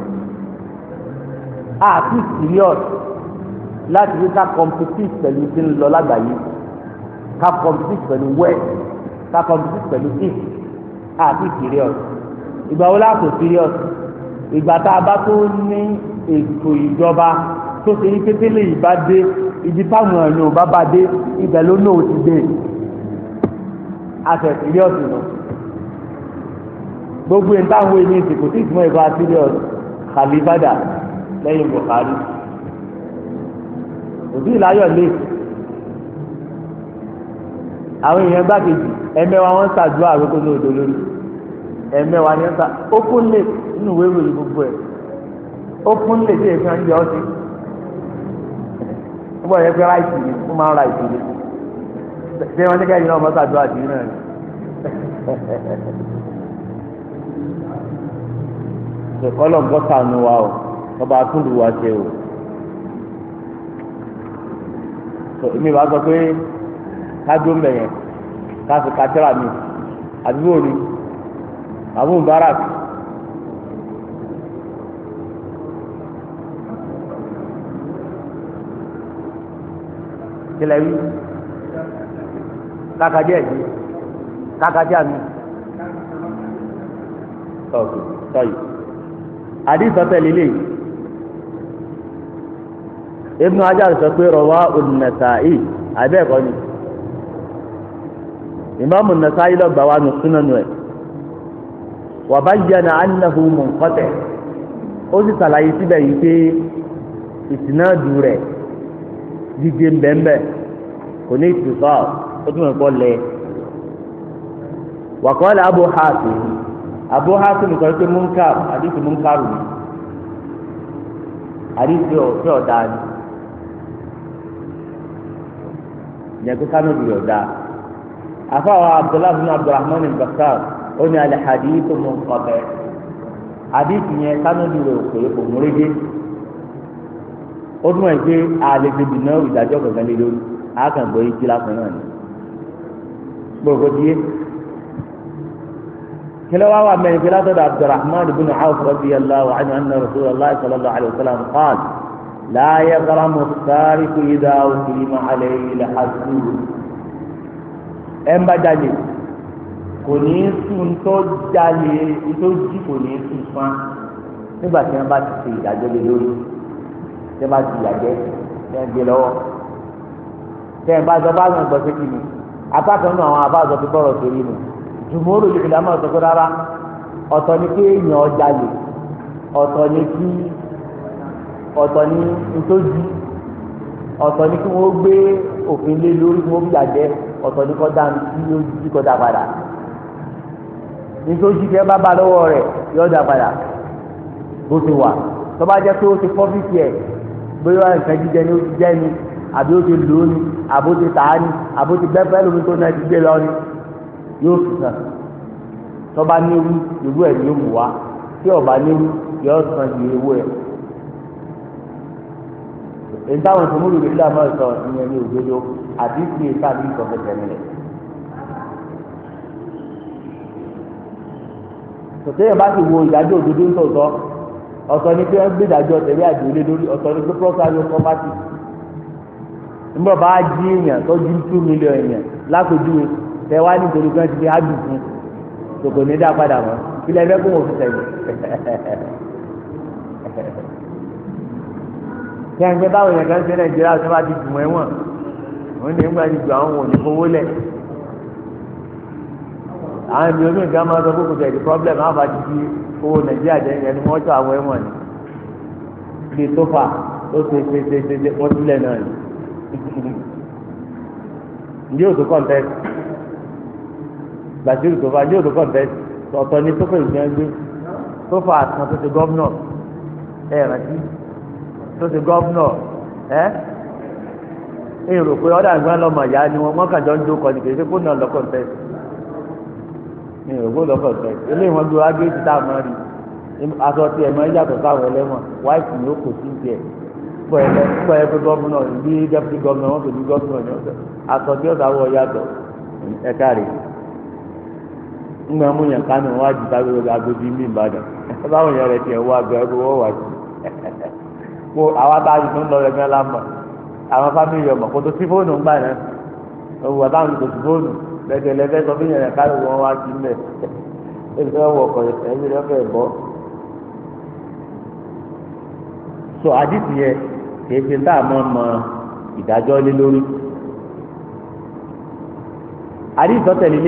Speaker 1: àti serious láti rí ká compete pẹ̀lú tí ń lọ lágbàáyé ká compete pẹ̀lú west ká compete pẹ̀lú east àti serious ìgbà wo láàpò serious ìgbà tá a bá tó ní ètò ìjọba tó ṣe ní pétélé yìí bá dé ibi táwọn èèyàn bá bá dé ibẹ̀ ló náà ti dé àtẹ̀ serious nù. No gbogbo ẹ̀ táwọn èmi ìsìnkú tí ìsìnkú ìbá serious kàlífàdà lẹ́yìn Buhari òbí ìláyọ̀ lé àwọn èèyàn gbàkejì ẹ̀mẹ́wàá wọn ń ṣàdúrà àrókòlò òdò lórí ẹ̀mẹ́wàá ni wọ́n ń ta open late nínú ìwé ìròyìn gbogbo ẹ̀ open late tí èèyàn ń yọ ọ́ sí gbogbo ẹ̀yẹ pé ráìtì ni wọ́n máa ń ra ìdílé ṣé wọ́n ní kẹ́yìn náà mọ́ ṣàdúrà sí náà ni. ìkọlọ̀ gbọ́sànù wa o ọba àtúndù wa ṣe o èmi bá sọ pé kájú mẹ̀yẹn káfí kátírà mi àdúgbò ni àbú mubarak kílẹ̀ yìí kákàdé ẹ̀dí kákàdé àmì. Okay, sorry àdìsọ́tẹ̀ lílé Ibn Hajar sọ pé rọwá an-Nasa'i àbẹ́ẹ̀kọ́ ni ìmáàmù an-Nasa'i lọ́gbà wa nù súnánù ẹ̀ wa bayyana annahu munqati' ó sì ṣàlàyé síbẹ̀ yìí pé ìsìnáàdù rẹ̀ dídé mbẹ́mbẹ́ kò ní ìtìfà ó tún mọ̀ pọ̀ lẹ̀ wa qala Abu Hatim. Abu Hatim sọ pé munkar àdìsí munkaru ni àdìsí ọ̀fẹ́ ọ̀dà ni nyẹ́kú kánòbì ọ̀dà afáwọn Abdullahi bin Abdulrahman al-Bassar ó ní alẹ́ hadithu munqati àdìsí yẹn kánòbì rẹ̀ òkè òmùrégé ó dún ẹ̀ pé àlejò bìnnà ìdájọ́ kankan lé lórí àákàngbọ̀ yìí jí ni gbogbo díẹ̀. كلا واوا من بلاد عبد الرحمن بن عوف رضي الله عنه أن رسول الله صلى الله عليه وسلم قال لا يغرم السارق إذا أسلم عليه لحسوه ẹnba jalè kò ní í sùn tó jalè tó jí kò ní í sùn fún wa nígbà tí wọn bá ti ṣe ìdájọ́ lé lórí tí wọn bá ti yàgẹ tí wọn gbé lọ́wọ́ tí wọn bá sọ bá wọn gbọ́ sí kìnnì apá kan náà àwọn abá sọ fi bọrọ sórí nù. jùmọ̀rò ìlú àmọ́ ọ̀sẹ̀ kúrò rárá ọ̀tọ̀ ni pé èèyàn ọjà lè ọ̀tọ̀ ni kí ọ̀tọ̀ ni ntójú ọ̀tọ̀ ni kí wọ́n gbé òfin lé lórí wọ́n fi àjẹ́ ọ̀tọ̀ ni kọ́dá ní tí ó jí kọ́dá padà kí tẹ́ bá ba lọ́wọ́ rẹ̀ yọ̀ dá padà bó ti wà tọ́ba jẹ́ pé ó ti fọ́ fífi ẹ̀ bóyá nǹkan jíjẹ ni ó ti yóò sàn tọ́ba níwú ìwú ẹ̀ ni mú wa tí ọba níwú yóò sàn ju ewu ẹ̀ èyí táwọn ìfowópamọ́ ìlú ìlú àmọ́ ìsọ ìyẹn ní òdodo àti ti ìta àti ìsọfẹsẹ̀ nílẹ̀. tòtẹ́yìn wo ìdájọ́ òdodo ń tòótọ́ ni pé wọ́n gbé ìdájọ́ tẹ̀lé lórí ni pé ló kọ́ bá ti. tẹ wá nítorí pé wọ́n ti fi ádùn fún tòkò ní dá padà mọ́ kí lẹ́ẹ̀ fẹ́ kó wọn fi sẹ́yìn. kí ẹn pé báwọn yẹn kan ṣe nàìjíríà tó bá ti dùn ẹ̀wọ̀n wọ́n ní nígbà tí ju àwọn òní fowó lẹ̀ àwọn èmi omi nǹkan máa sọ fún kò tẹ̀lé problem àbá ti fi owó nàìjíríà jẹ́ ẹni wọ́n tó àwọn ẹ̀wọ̀n ni bíi tófà ó ṣe ṣe ṣe ṣe wọ́n sílẹ̀ náà ni. ǹjẹ́ òtún kọ́ńtẹ́ẹ̀tì. bàtírù tó fà yóò ló kọ̀ bẹ́ẹ̀ ọ̀tọ̀ ni tó fà ìgbìyàn gbé tó fà àtàn tó ṣe gọ́vnọ̀ ẹ rántí tó ṣe gọ́vnọ̀ ẹ èrò pé àgbà ìyá ni wọn mọ́kànjọ́ ń jókòó ní kéde kó náà lọ́kọ̀ bẹ́ẹ̀ ní ògbó lọ́kọ̀ bẹ́ẹ̀ eléyìí wọn dúró ágé ti máa rí aṣọ máa wáìtì ni ó kò sí tiẹ̀ pọ̀ ẹ pé gọ́vnọ̀ bí dẹ́pítì gọ́vnọ̀ wọn kò ní ńgbà mú yàn kánò wá jù tábí lórí agbègbè mí ìbàdàn ẹ bá wọn yàn rẹ tiẹ̀ wá gbẹ ẹgbẹ́ wọ́n wà jù kó àwa bá yìí tó ń lọ rẹ gbẹ́ lámà àwọn fámìlì ọmọ kó tó sí fóònù ńgbà náà òwò àbá mi sí fóònù lẹ́gbẹ̀lẹ́gbẹ́ sọ fún yàn kánò wọn wá jù mẹ́ ẹ fẹ́ wọ ọkọ̀ ẹ̀mí rẹ fẹ́ so àdìsí yẹ kì í ṣe tá a mọ̀ mọ ìdájọ́ lé lórí àdìsí tọ́tẹ̀lé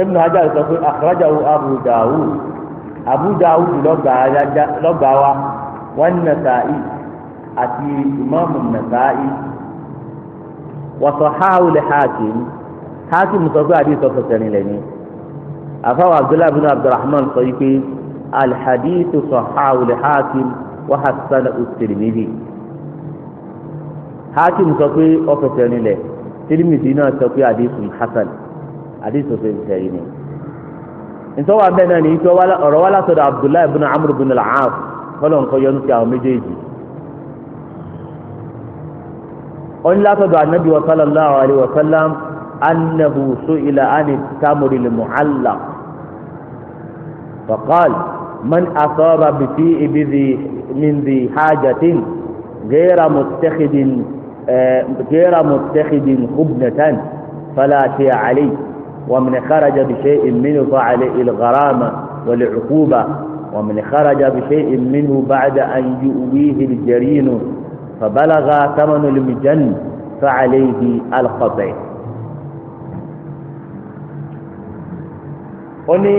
Speaker 1: Ibn Hajar sọ pé akhrajahu Abu Dawud Abu Dawud lọ́gbà wa wọ́n Nasa'i àti ìmáàmù Nasa'i wa sahahu al-Hakim Hakim sọ pé àdìsọ sọ̀tẹ̀ nílẹ̀ ni àfáwọn Abdullahi bin Abdurrahman sọ yìí pé al-hadithu sahahu al-Hakim wa hassanahu at-Tirmidhi Hakim sọ pé ọ̀fẹ̀sẹ̀ nílẹ̀ náà sọ pé àdìsọ hasan. àdìsọ ṣe ń tẹ̀rí ni. ìtọ́wà bẹ́ẹ̀ náà nìyí tí ọ̀rọ̀ wa látọ̀dọ̀ abdullahi ibn amr bin al-aaf kọ́lọ̀ nǹkan yọnu sí àwọn méjèèjì. wọ́n látọ̀dọ̀ anabi wa sallallahu alayhi wa sallam annahu su'ila ani tamuri li mu'allaq faqal man asaba bi fi ibidi min di hajatin غير متخذ غير متخذ خبنة فلا شيء عليه ومن خرج بشيء منه فعليه الغرامة والعقوبة ومن خرج بشيء منه بعد أن يؤويه الجرين فبلغ ثمن المجن فعليه الخطأ oni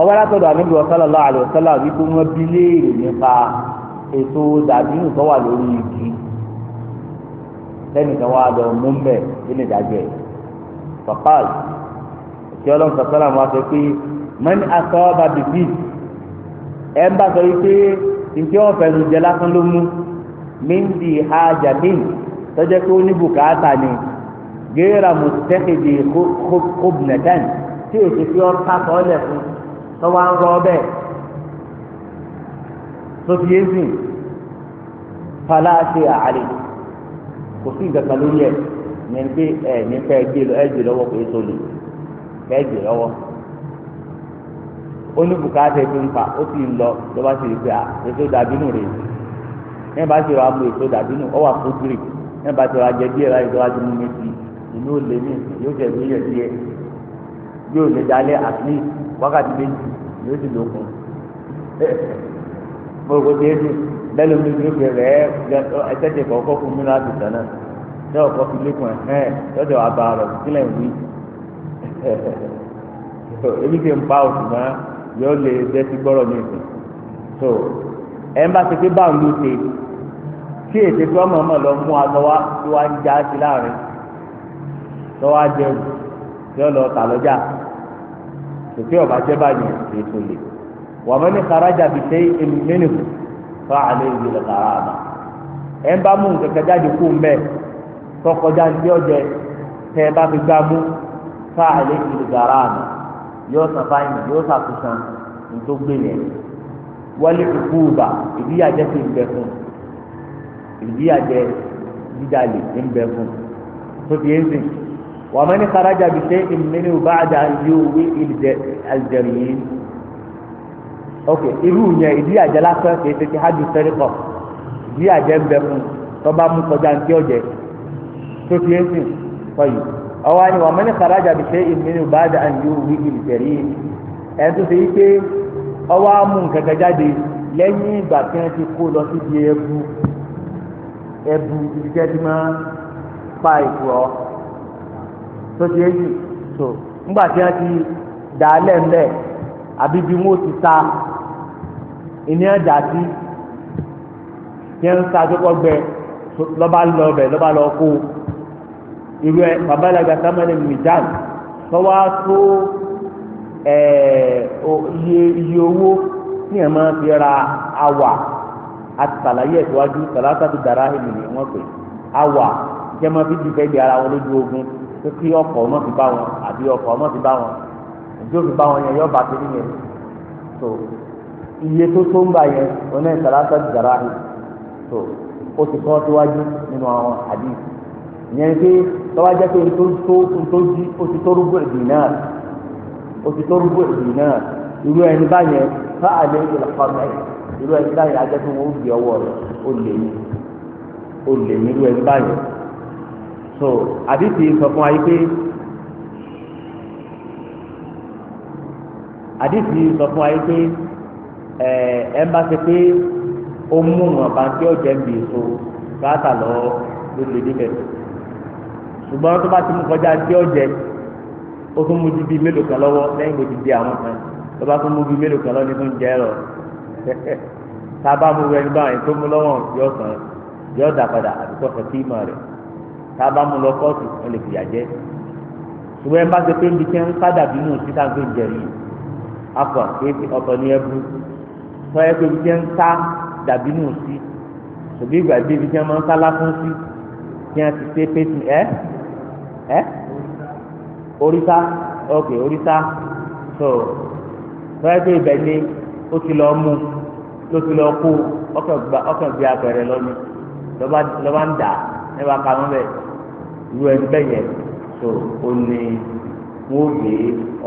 Speaker 1: ọwọ́ látọ̀dọ̀ àmì sallallahu alaihi wasallam wípé wọ́n bí léèrè nípa ètò dàbí nìkan lórí igi tẹnìkan wà lọ mú mbẹ nínú ìdájọ́ ẹ fọkàl tí Ọlọ́run sọsọlá wọn sọ pé mọni asọ bàbí bíi ẹ ń bá sọ yìí pé ntí wọn fẹẹ lu jẹ lásán ló mú míndì hajà bíi pé ó ní bùkátà ni géèrà mùtẹ́kìdì kóbùnẹ̀tẹ́n tí èsì fi ọ́n ká ọ́lẹ̀ fún tọ́wọ́ ń rọ ọbẹ̀ tó fi yé sìn fàlàṣẹ àárẹ̀ kò sí ìgbàkan lórí ẹ̀ ní pé ẹ̀ ní fẹ́ gbé lọ ẹ̀ gbé lọ́wọ́ kò é sólè fẹ́ gbé lọ́wọ́ ó ní bùkátà tó ń fa ó sì ń lọ ló bá sì rí pé à èso dàbínú rè é ní bá sì rọ amú èso dàbínú ọ wà ní bá sì rọ ajẹ díẹ̀ láì tó wájú mú méjì inú ò lé ní ìsìn yóò tẹ̀lé yẹ yóò lè dalẹ̀ at wákàtí méjì yóò sì lókun mo rò pé tiẹ́ sí lẹ́nu mi ló fi rẹ̀ ẹ̀ẹ́dẹ́gbẹ̀ kọ̀ọ̀kọ́ fún mi láti tán náà ní ọ̀kọ́ fi lékun ẹ̀ ẹ̀ lọ́dọ̀ àbá rẹ̀ sílẹ̀ wí ebi ti ń pa oṣù mọ́ yóò lè dẹ́sí gbọ́rọ̀ mi sùn so ẹ̀ ń bá ti pé báwọn ló ṣe tí ètè tí wọ́n mọ̀ mọ̀ lọ mú aṣọ wá tí wọ́n á ń já sí láàrin tí wọ́n á jẹun tí wọ́n lọ tà lọ́jà tòkè ọ̀bà jẹ́ báyìí ètò lè wàmọ́ ní karajà bìtẹ́ ìmìnirìkù fa àlẹ́ ìwé lọ́tà ara àmà ẹ̀ ń bá mú kẹ̀kẹ́ jáde kú ń bẹ́ tọkọjá ń tí ọjẹ tẹ́ ẹ bá fi gbá mú fa àlẹ́ ìwé lọ́tà ara àmà yóò san fáyìn yóò sàkóso nítorí gbé wọlé ìkú bá ìdíyàjẹ ti ń bẹ fún ìdíyàjẹ dídàlè ti ń bẹ fún tó ti ń sìn wàmẹ́ni kárájà bìí ṣe àjà yóò wí àlìjẹrìyìn. ok irú yẹn ìdí àjẹ lásán kìí ṣe ti hajj sẹ́ríkọ̀ ìdí àjẹ ń bẹ fún tọ́ba mú kọjá ní tí ọ̀jẹ̀ tó fi ń sìn kọyì ọwọ́ ni wọ́n mẹ́ni kàrájà bìṣẹ́ ìmínú bá dà ń yóò wí ìlú tẹ̀rí ẹ̀ tó ṣe wípé ọwọ́ mú kẹ̀kẹ́ jáde lẹ́yìn ìgbà tí wọ́n ti kó so ńgbà tí wọ́n ti dà á àbí bí wọn ò ti ta ìní ẹ̀dá sí yẹn ń ta àtúkọ̀ gbẹ lọ́ba lọ bẹ̀ lọ́ba lọ kó irú ẹ bàbá ìlàgbà sámẹ́lì mìjàn lọ́wọ́ á tó iye iye owó ní ẹ̀ máa fi ra awà àti sàlàyé ìtọ́jú sàlàtà ti dàrá ẹ̀mí ni wọ́n pè awà jẹ́ máa fi dìbẹ́ di ara wọn lójú ogun pé kí ọkọ̀ ọmọ ti bá wọn àbí ọkọ̀ ọmọ ti bá wọn ìjọ fi bá wọn yẹn yọ bàtí ní yẹn tó iye tó tó ń bá yẹn oní ìsàlátà jàrá ni tó ó ti kọ́ síwájú nínú àwọn àdí ìyẹn pé tọ́wájẹ́ pé tó tó tó jí ó ti tó rúgbó ìdì náà ó ti tó rúgbó ìdì náà irú ẹni báyẹn ká àlẹ́ ìlú ọ̀pá irú ẹni báyẹn ajẹ́ pé wọ́n ó di ọwọ́ rẹ̀ ó lè ní ó lè ní irú ẹni báyẹn so àdìsí sọ fún wa yìí pé. àdìsí sọ fún wa yìí pé ẹ ẹ bá ṣe pé ó mú wọn bá tí ó jẹ ń bì so káàtà lọ ló lè débẹ̀ ṣùgbọ́n tó bá ti mú kọjá tí ó jẹ ó tún mú ju bíi mélòó kan lọ́wọ́ lẹ́yìn tó ti di àwọn kan tó bá tún mú bíi mélòó kan lọ́wọ́ ní tó ń jẹ́ lọ tá a bá mú wẹ́n bá yẹn tó mú lọ́wọ́ yọ sàn yọ dà padà àdúgbò fẹ́ kí ìmọ̀ rẹ̀ tá a bá mú lọ kóòtù wọn lè fìyà jẹ ṣùgbọ́n ẹ bá ṣe pé níbi tí ń sádà bínú títà tó ń jẹ yìí akọ kéèké ọ̀tọ̀ ní ẹbú tọ́yẹ pé ibi tí ń ká dàbí nù sí òbí ìgbà bí ibi tí wọ́n máa ń ká láfún sí tí wọ́n ti ṣe pé ẹ́ ẹ́ oríta ok oríta so tọ́yẹ pé ibẹ̀ ni ó ti lọ mú ló ti lọ kó ọkàn gbé apẹ̀rẹ̀ lọ́nu lọ́ba ń dà ní wàá kàmú bẹ́ẹ̀ irú ẹni bẹ́ẹ̀ yẹn so ó ní wọ́n gbé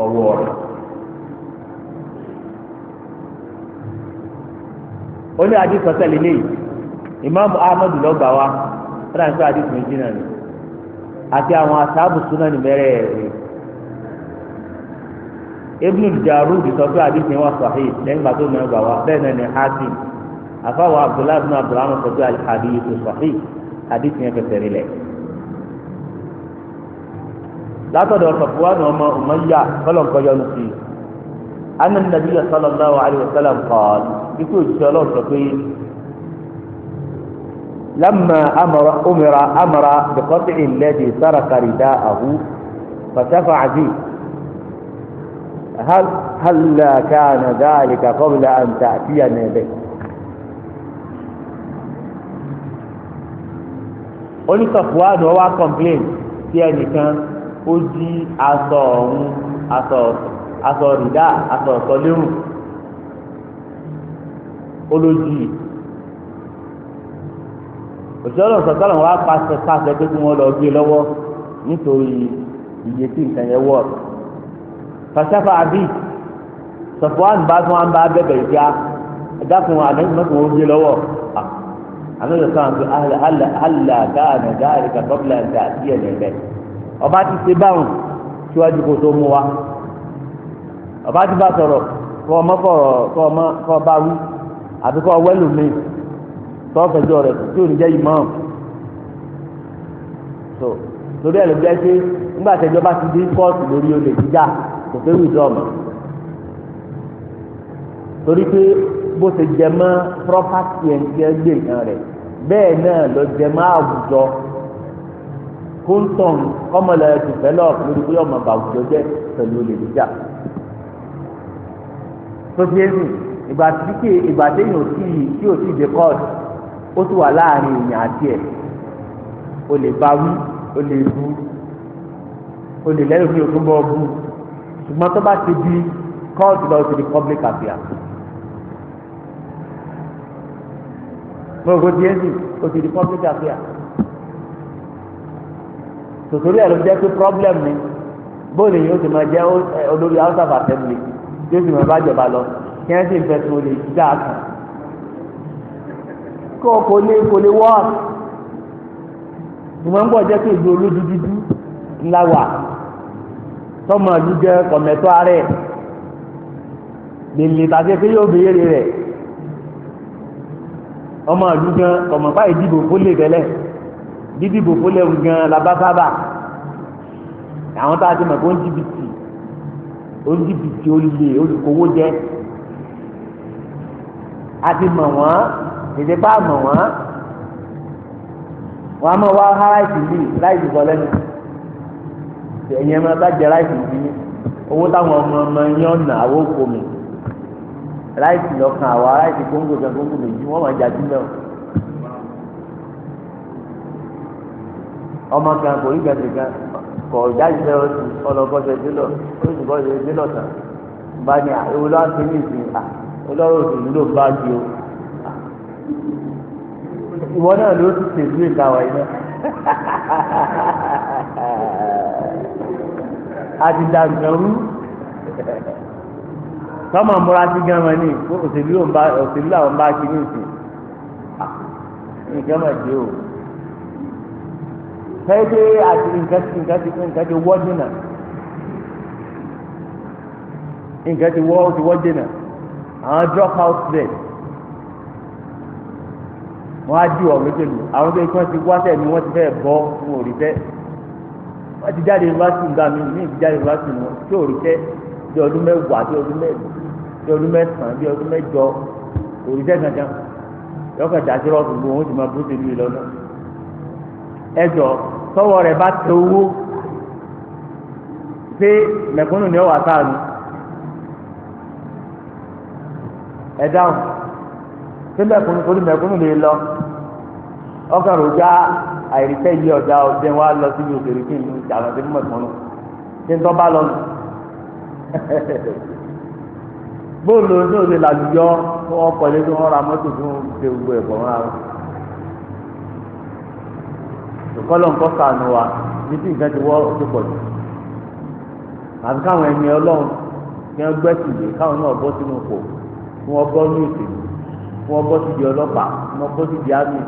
Speaker 1: ọwọ́ rẹ̀. oní adi sọtẹ lélẹyìí imaamu ahmadu lọgbà wa wọn náà sọ adi sọ méjì náà ni àti àwọn asaabu sunan ní bẹ̀rẹ̀ rẹ̀ ibnu jarudi sọ pé adi sọ wa sahih lẹ́yìn gbàtó mẹ́rin gbà wa bẹ́ẹ̀ náà ni hasim àfàwọn abdullahi bin abdullahi sọ pé alihadi yìí tó adi sọ fẹsẹ̀ rí lẹ. látọ̀dọ̀ sọ̀fúwánù ọmọ umayya kọlọ̀nkọ́yọ́nù sí i anna nabiyya sallallahu alayhi wa ikú òjijì ọlọ́run sọ pé lamma amara umira amara bikọ́tì ìlẹ́dì sára kàrídà àhú fàtẹ́fà àbí hàlá kàánà dáàlìkà kọ́bìlà àǹtà àtìyà nẹ́ẹ̀bẹ̀. oníkàfùwádùn ọwọ́ complain sí ẹnìkan ó jí aṣọ ọ̀hún aṣọ rìdá aṣọ ọ̀sọ́ lérùn. olójì òṣèlú sọ̀tọ́lọ̀ wa pàṣẹ pàṣẹ pé kí wọ́n lọ gbé lọ́wọ́ nítorí iye tí nǹkan yẹn wọ̀ fàṣàfà àbí sọ̀fọ́n bá tún wọn bá bẹ̀bẹ̀ ìjà ẹ̀dákun àdéhùnmọ́tò wọn gbé lọ́wọ́ àmì sọ̀rọ̀ pé àlà dáàdà dáàdà kàtọ́bìlà ń dà sí ẹ̀lẹ́bẹ̀ ọba ti ṣe báwọn síwájú kó tó mú wa ọba ti bá sọ̀rọ̀ kọ́ ọmọ kọ́ ọmọ kọ́ ọba wí. àbí kọ́ wẹ́lù mi tọ́fẹ̀jọ rẹ̀ tí ò ní jẹ́ ìmáàmù so torí ẹ̀ ló jẹ́ pé nígbà tẹ́jọ́ bá ti dé kóòtù lórí olè jíjà kò fẹ́ wìdí ọ̀mọ̀ torí pé bó ṣe jẹ mọ́ property ẹ̀ ń gbé nǹkan rẹ̀ bẹ́ẹ̀ náà lọ jẹ mọ́ àwùjọ kóńtọ̀n kọ́mọlẹ̀ develop lórí pé ọmọ bàwùjọ jẹ́ pẹ̀lú olè jíjà tó fi é sìn ìgbà tí kì ìgbà tí yóò tí tí yóò tí dé court ó sì wà láàrin èèyàn àti ẹ̀ o lè bá wí o lè bu o lè lẹ́yìn òfin òfin bọ́ bu ṣùgbọ́n tó bá ti di court lọ sí di public affair. mo rò di o ti di public affair. tòtòrí ẹ̀ ló jẹ́ pé problem ni bóòlù yìí ó ti máa jẹ́ olórí house of assembly yóò sì máa bá jọba lọ kí wọ́n sì fẹ́ tó lè dá a kan kó o kò lè kò lè wọ́ ìmọ̀ ń bọ̀ jẹ́ kí ìlú olódùdúdú ńlá wà tọmọ ìlú jẹ́ kọ̀mẹ́tọ́ ara ẹ̀ lèlè tàbí pé yóò béèrè rẹ̀ ọmọ ìlú gan kọ̀mọ̀ báyìí dìbò fólè tẹ́lẹ̀ dídìbò fólè gan labásábà àwọn tá a ti mọ̀ pé ó ń jìbìtì ó ń jìbìtì ó lè olùkówó jẹ́ àti mọ̀ wọ́n èdè bá mọ̀ wọ́n wọ́n á mọ̀ wá há láìsí bíi láìsí lẹ́nu ẹ̀yin máa bá jẹ láìsí bíi owó táwọn ọmọ ọmọ yẹn ọ̀nà àwọn òkò mi láìsí lọ́kàn àwa láìsí kóńgò kan kóńgò méjì wọ́n máa jà sílẹ̀ o. ọmọ kan kò rí gbẹ̀dẹ̀ kan kọ̀ jáde ọlọ́kọ̀ọ́sẹ̀ délọ̀ ó sì kọ́ ṣe tán ah, ní ìsìn ah, olóró sì nílò báàgì o ìwọ náà ló ti tètú ìkàwé iná àti dàgbẹ̀rú sọmọ múra sí gánran ní òṣèlú làwọn bá kí ní ìsìn nǹkan máa dé o fẹ́ẹ́dẹ́ àti nǹkan ti nǹkan ti nǹkan ti wọ́ dínà nǹkan ti wọ́ dínà àwọn drop out bed wọ́n á dìwọ̀ méjèèjì àwọn tó ikú wọn ti wá sẹ́yìn ni wọ́n ti fẹ́ bọ́ fún òrìṣẹ́ wọ́n ti jáde yunifásitì gba mi mí ti jáde yunifásitì wọn tí òrìṣẹ́ bí ọdún mẹ́wàá bí ọdún mẹ́rin bí ọdún mẹ́sàn-án bí ọdún mẹ́jọ òrìṣẹ́ kankan yọkọ̀ jáde rọ́ọ̀tù gbogbo wọn ti máa bó tẹ̀lé lọ́nà ẹjọ́ tọwọ́ rẹ̀ bá tẹ owó pé mẹ̀kúnnù ni ọ wà sáà nù. ẹ dáhùn ṣé mẹ̀kúnnù torí mẹ̀kúnnù lè lọ ọkàn rò já àìríṣẹ́ ọ̀dà ọ̀dẹ wa lọ síbi òkèèrè kí n tọ́ bá lọ bóòlù ní òde làlùyọ tí ra ṣe gbogbo ẹ̀kọ́ wọn nǹkan wa ní tí nǹkan ti pọ̀ jù àti káwọn kí wọ́n bọ́ ní òṣèlú kí wọ́n bọ́ síbi ọlọ́pàá kí wọ́n bọ́ síbi àmì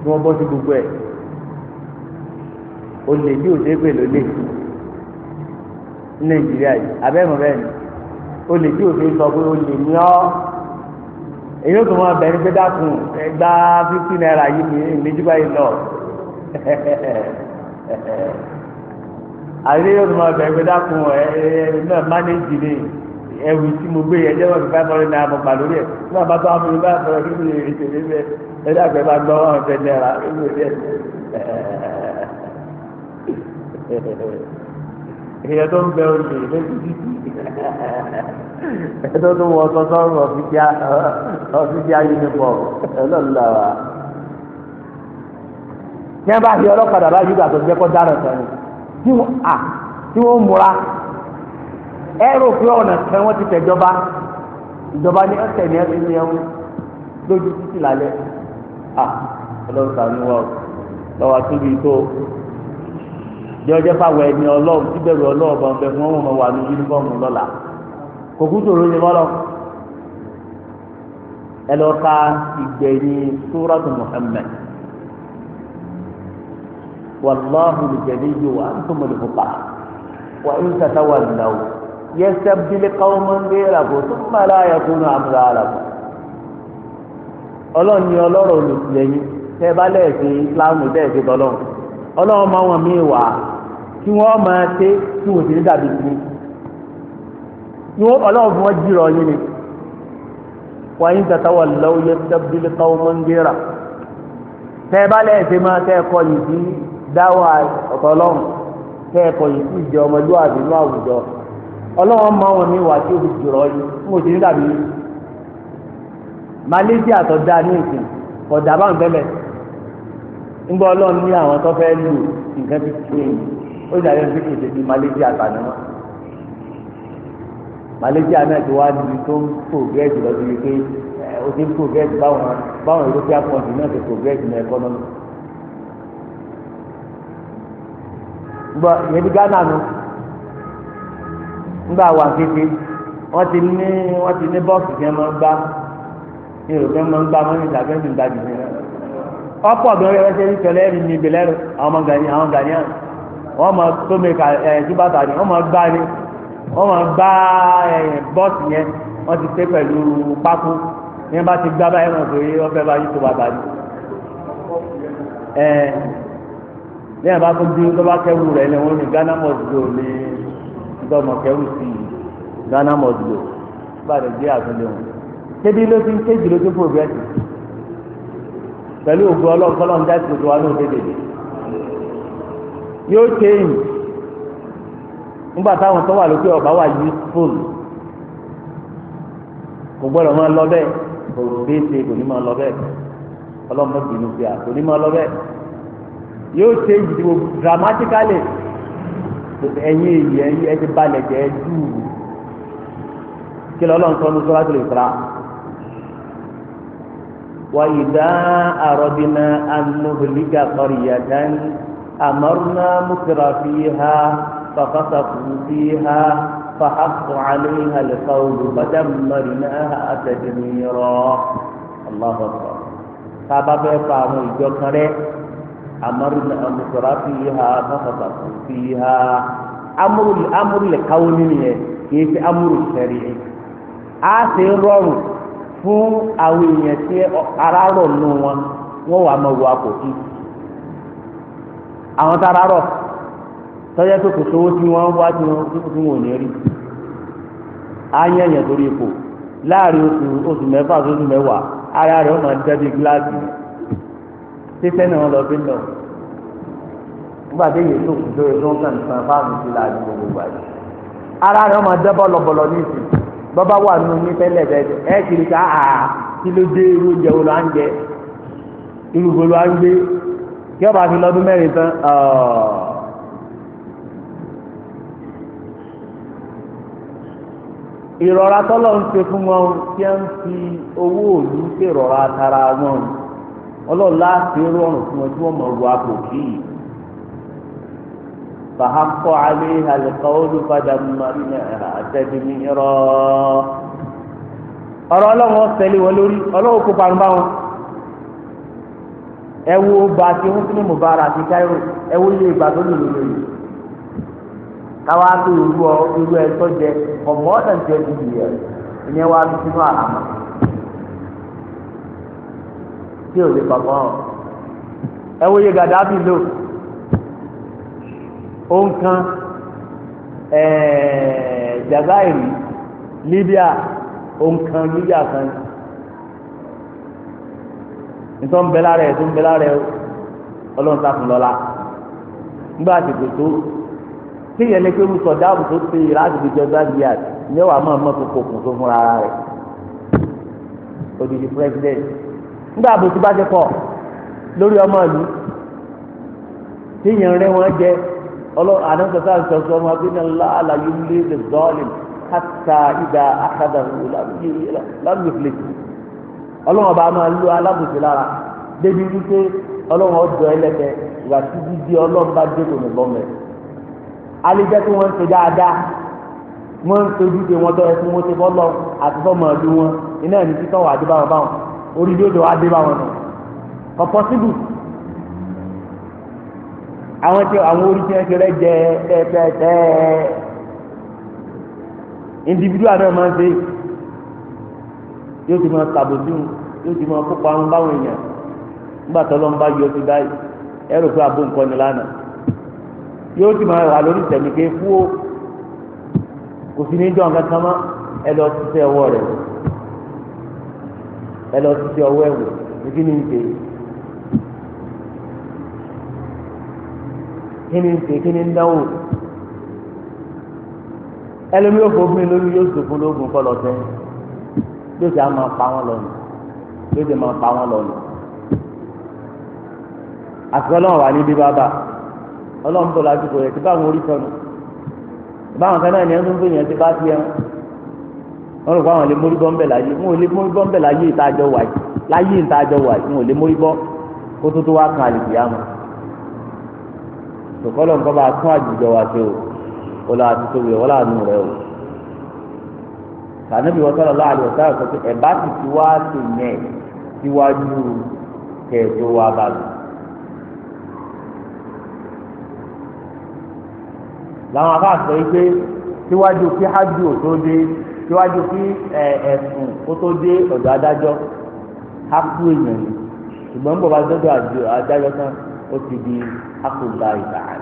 Speaker 1: kí wọ́n sí gbogbo ẹ̀ olè ní òṣèpè lólè ní nàìjíríà yìí abẹ́mọ̀ bẹ́ẹ̀ ni olè tí òṣèlú sọ pé olè ní ọ́ èyí ó tún máa bẹ̀rẹ̀ pé dákun ẹgbà fífi náírà yìí ní ìlẹ́júbá yìí lọ àti èyí tún máa bẹ̀rẹ̀ pé dákun ẹ ẹ mánéjì ni ẹrù tí mo gbé yẹn jẹ́wọ́ fífá fọ́nrin náà mo gbà lórí ẹ̀ fún àbá tó àmì bá sọ kí ni ètò mi bẹ ẹ̀dá àgbẹ̀ bá gbọ́ ọ̀hún tẹ̀ náírà ẹ̀rù ẹ̀ èèyàn tó ń bẹ oúnjẹ ìlú ẹ̀dọ́ tó wọ ọ̀sán sọ́run ọ̀fíìsì ayélujáfọ̀ ọlọ́ọ̀lá wa. ní ẹ bá fi ọlọ́kadà bá yí gbàgbọ́ jẹ́ kó dára sọ ẹ rò pé ọ̀nà kan wọ́n ti tẹ̀jọba ìjọba ní ọ̀sẹ̀ ní ẹ̀sìn ní ẹ̀wọ̀n lójú títí lálẹ́ à ọlọ́run sàánú wa lọ́wọ́ àtúbí tó jẹ́ ọjọ́ fáwọn ẹni ọlọ́run tí bẹ̀rù ọlọ́run bọ̀ bẹ̀ fún ọmọ wa ní yunifọ́ọ̀mù lọ́la kò kú sòrò ní bọ́lọ̀ ẹ lọ ka ìgbẹ̀yìn súrọ́tù Muhammad wàlláhu lùjẹ̀lẹ́yìn wa ń tó mọ̀lẹ́kọ̀ọ́ wa ń tàtàwà lọ́wọ́ yẹsẹ̀bílẹ̀ kọ́mọ́ndé làkó súnmọ́ aláyàkúnú àmúra àlàkó ọlọ́run ni ọlọ́rọ̀ olùsìlẹ̀yìn tẹ́ bá lẹ́ẹ̀sì islamu bẹ́ẹ̀ ṣe tọ́lọ́run ọlọ́run máa wọn mí wà kí wọ́n máa ṣe kí wọ́n ti ní dàbí sí i ọlọ́run fún wọn jìrọ̀ yín ni wọ́n yín tata wà lọ́wọ́ yẹsẹ̀bílẹ̀ kọ́mọ́ndé rà tẹ́ bá lẹ́ẹ̀sì máa tẹ́ ẹ̀kọ́ yìí sí dáwà ọ̀tọ̀lọ́run tẹ́ ẹ̀kọ́ yìí sí ìjọ ọlọ́wọ́n mọ àwọn mi wà tí o fi jùrọ̀ yìí mo ti ní dàbí yìí Malaysia tó dáa ní ìsìn kò dà ń bẹ́lẹ̀ ńgbọ́ ọlọ́run ní àwọn tó fẹ́ lù nǹkan ó kéde Malaysia wọn Malaysia náà ti wá níbi tó ń progress lọ sí ó ti ń progress nígbà wà kété wọ́n ti ní wọ́n ti ní bọ́ọ̀sì kí wọ́n máa ń gbá ní ìròkè wọ́n máa ń gbá wọ́n ní ìtàgé ní ìgbàdì ní rẹ̀ ọ̀pọ̀ gan rẹ̀ ṣe ń tẹ̀lé ẹ̀rí ní ìbílẹ̀ rẹ̀ àwọn gani àwọn gani hàn wọ́n máa tó mi ka ẹ̀ síbàtà ni wọ́n máa gbá ni wọ́n máa gbá ẹ̀ bọ́ọ̀sì yẹn wọ́n ti tẹ́ pẹ̀lú pákó ní wọ́n bá ti gbá báyìí wọ́n pé ọ̀fẹ́ bá yí tó bàbá ni ẹ̀ lẹ́yìn bá tó dín tó bá kẹ́wù rẹ̀ lẹ́wọ́n ní Ghana mosque dọ́mọ kẹrù sí i ghana mọ̀dùlò bá nàìjíríà tó léwu tẹ́bí ló ti ń kéjì ló ti fò bẹ́ẹ̀ pẹ̀lú ògùn ọlọ́run kọ́lọ́run dá ìṣòro wa lóde dèdè yóò kéyìn nígbà táwọn tó wà lókè ọba wà useful kò gbọ́dọ̀ máa lọ bẹ́ẹ̀ kò déédé kò ní máa lọ bẹ́ẹ̀ ọlọ́run mọ̀ bínú kò ní máa lọ bẹ́ẹ̀ yóò kéyìn dramatically ẹ̀yin èyí ẹ̀yin ẹ ti balẹ̀ jẹ́ dùú kí lọ́lọ́run sọ ní Suratul Isra. wa idha aradna an nuhlika qaryatan amarna mukra fiha fafasaku fiha فحق عليها القول فدمرناها تدميرا الله أكبر sábà bẹ́ẹ̀ fa àwọn ìjọ kan rẹ́ أمرنا أمسرا فيها ففسقوا فيها أمر الأمر الكوني kìí ṣe amúrò ìṣẹ̀rí yìí á ṣe a fún àwọn èèyàn tí ara ara rọ̀ tọ́jà tó kò sówó tí wọ́n wá tí wọ́n tí wọ́n ò ní rí á yẹn yẹn ara tẹ́tẹ́ ni wọ́n lọ bí lọ nígbà tí èyí tó kù lórí tó ń kàn sàn fáàmì sí la àdúgbò gbogbo àyè ara rẹ̀ ọmọ dẹ́ bọ́lọ̀bọ̀lọ̀ ní ìsìn bọ́bá wà nù ní tẹ́lẹ̀ bẹ́ẹ̀ ẹ kiri ká a kí ló dé irú oúnjẹ wo ló á ń jẹ irú wo ló á ń gbé kí ọba fi lọ́dún mẹ́rin tán ọ̀ọ́. ìrọ̀ra tọ́lọ́ ń ṣe fún wọn kí wọ́n fi owó òòlù ṣèrọ̀ra tara wọn. ọlọ́run láti rọrùn fún wọn tí wọ́n mọ̀ ọ́ àpò kí yìí. فحق عليها القول فدمرناها تدميرا ọ̀rọ̀ ọlọ́run ọ̀sẹ̀lẹ̀ wọn lórí ọlọ́run kó parun wọn ẹ wo bá ti ń fún mi bára àti káírò ẹ wo ilé ìgbà tó lórí káwá tó irú tí o lè pàpọ̀ hàn ẹ wòye Gaddafi lò ó ń kan Jazairi Libya ó ń kan Libya kan nítorí ń bẹ lára ẹ̀ tó ń bẹ lára ẹ̀ ọlọ́run sáfún lọ́la nígbà tètè tó tí yẹn lè pé mo sọ dáàbò tó ti láti fi jọ gbàgbé ní wàá máa mọ kókó kùn tó fúnra rẹ̀ odidi president nígbà àbòsí bá ti pọ̀ lórí ọmọ ìlú tíyẹn rẹ wọn jẹ ọlọ́run àdánsọ́sọ́ àṣọṣọ́ wọn bí náà láàlà yóò lé lè dọ́ọ̀lì hàtà ìdá àkàdà lámìfìlẹ̀ ọlọ́run ọba máa lo alábòsí lára débi wípé ọlọ́run ọjọ́ ẹlẹ́tẹ̀ ìgbà tí dídí ọlọ́run bá dé kò ní bọ́mẹ̀ alijẹ́ tí wọ́n ń ṣe dáadáa wọ́n ń ṣe ojúṣe wọn tọ́ ẹ tí wọ́n ṣe bọ́ lọ àti fọ́ọ̀mù ọdún wọn iná ẹ̀ ní títọ́ wà á dé báwọn báwọn. orí bí ó dọ̀ wá dé bá wọn nù ọ̀pọ̀ síbù àwọn tí àwọn orí tí wọn ti tẹ́tẹ́tẹ́ individual náà máa ń ṣe yóò ti máa kàbòsí yóò ti máa kópa ń báwọn èèyàn nígbà tó lọ́n bá yọ sí báyìí fún lọ sí iṣẹ́ ẹ lọ sí ọwọ́ ẹ̀wò kí ni ń ṣe kí ni ń ṣe kí ni ń dánwò ẹlẹ́mi yóò fọ́ obìnrin lórí yóò sòfò lóògùn kọ́ lọ́tẹ́ yóò sì á máa pa wọn lọ́nà yóò sì máa pa wọn lọ́nà àti ọlọ́run wà níbi bàbá ọlọ́run tó lásìkò rẹ̀ tí báwọn orí sọnù báwọn kan náà ní ẹni tó ń gbìyànjú bá ti ẹran wọn rò pé àwọn lè mórí bọ́ ńbẹ̀ láyé wọn ò lè mórí bọ́ ńbẹ̀ láyé ìtajọ wà yìí láyé ìtajọ wà yìí wọn ò lè mórí bọ́ kó tó tó wá kan àlùkò yá mọ́ tòkọ́lọ̀ nǹkan bá tún àjùjọ wa ṣe o kó lọ́wọ́ àti tóbi wọ́n láàánú rẹ o sànẹ́bí wọ́n sọ̀rọ̀ láàrin ọ̀sán ọ̀sán pé ẹ̀bá ti ti wá sí yẹn síwájú kẹ̀ẹ́dó wa bá lò. làwọn afáàfẹ́ yìí pé síwájú kí hajj ò tó dé síwájú kí ẹ̀sùn ó tó dé ọ̀dọ̀ adájọ́ á kú èèyàn ni ṣùgbọ́n bọ̀ bá dọ́dọ̀ adájọ́ tán ó ti di akùnbà ìbàrà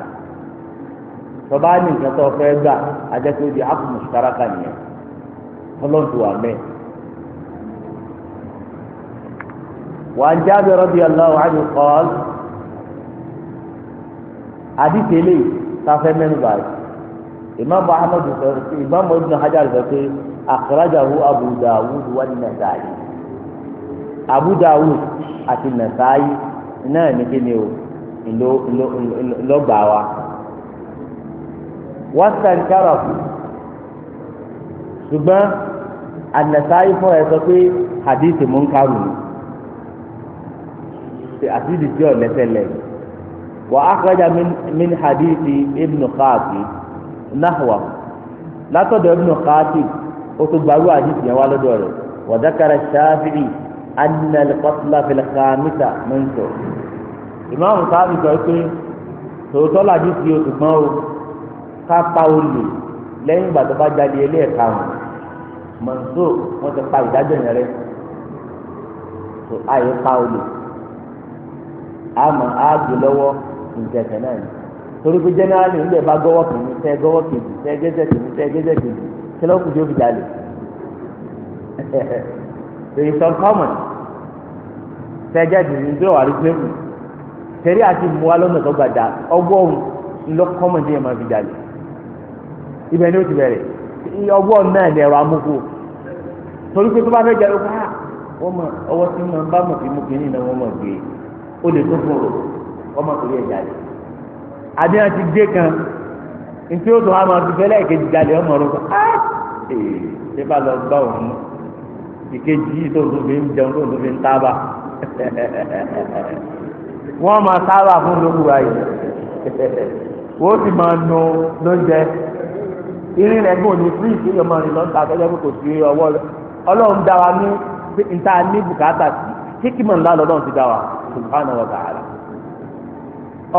Speaker 1: tọ́ba ní nǹkan tó fẹ́ gbà ajẹ́pẹ́ ó di akùnbà ìbáraka nìyẹn ọlọ́run tó wà mẹ́ẹ̀. وعن جابر رضي الله عنه قال حديث لي تفهمين بعد إمام أحمد إمام ابن حجر ذكي àkàràjàwó Abu Dawud wà ní Nasa'i Abu Dawud àti Nasa'i náà ní kíni o ìlò ìlò ìlò gbà wa wọ́n sàn kárọ̀ ṣùgbọ́n anasayi fún ẹ sọ pé hadithi munkaru ni hadithi tí ò lẹsẹlẹ wà á kọjá min hadithi ibnu qaati nahwa látọ̀dọ̀ ibnu qaati ó tún gbarú àdìsí yẹn wá lọ́dọ̀ rẹ̀ wàdákàrà ṣáfìrì anilẹ́lẹ́kọ́tìlá fìlẹ́kàmítà mẹ́ńtọ̀ ìmáàmù sáfì sọ pé tòótọ́ làdìsí o ṣùgbọ́n o ká pa olè lẹ́yìn ìgbà tó bá jáde ẹlẹ́ẹ̀ka wọn mọ̀nsó wọ́n ti pa ìdájọ́ yẹn rẹ̀ tó pa olè àmọ́ àgbè lọ́wọ́ ìjẹ̀kẹ̀ náà torí pé jẹ́nẹ́rálì ń bẹ̀ bá gọ́wọ́ kí ló kù tí ó fi jalè èyí sọ kọ́mọ̀n tẹ́jẹ́ dìní tí ó tẹ̀rí àti mú wa lọ́nà tó gbàdá ya ńlọ kọ́mọ̀n tí yẹn máa fi ibẹ̀ ni ó ti bẹ̀rẹ̀ ọgbọ́n náà ni ẹ̀rọ amúkú torí pé tó bá fẹ́ jalè wá wọ́n mọ ọwọ́ tí wọ́n bá mọ̀ fi mú kínní náà wọ́n mọ̀ gbé ó lè tó fún ọ ẹ̀ àbí àti gbé kan. ntí o tó a máa dùfẹ́ lẹ́ẹ̀kejì jáde ọmọ rẹ kọ́ ah ṣé bá lọ gbá òun ìkejì tó tó fi ń jẹun tó tó ń tábà máa tábà fún lóko ayé sì máa nu lóúnjẹ irin ní fún kò sí dá wa ní níta ní bùkátà sí wa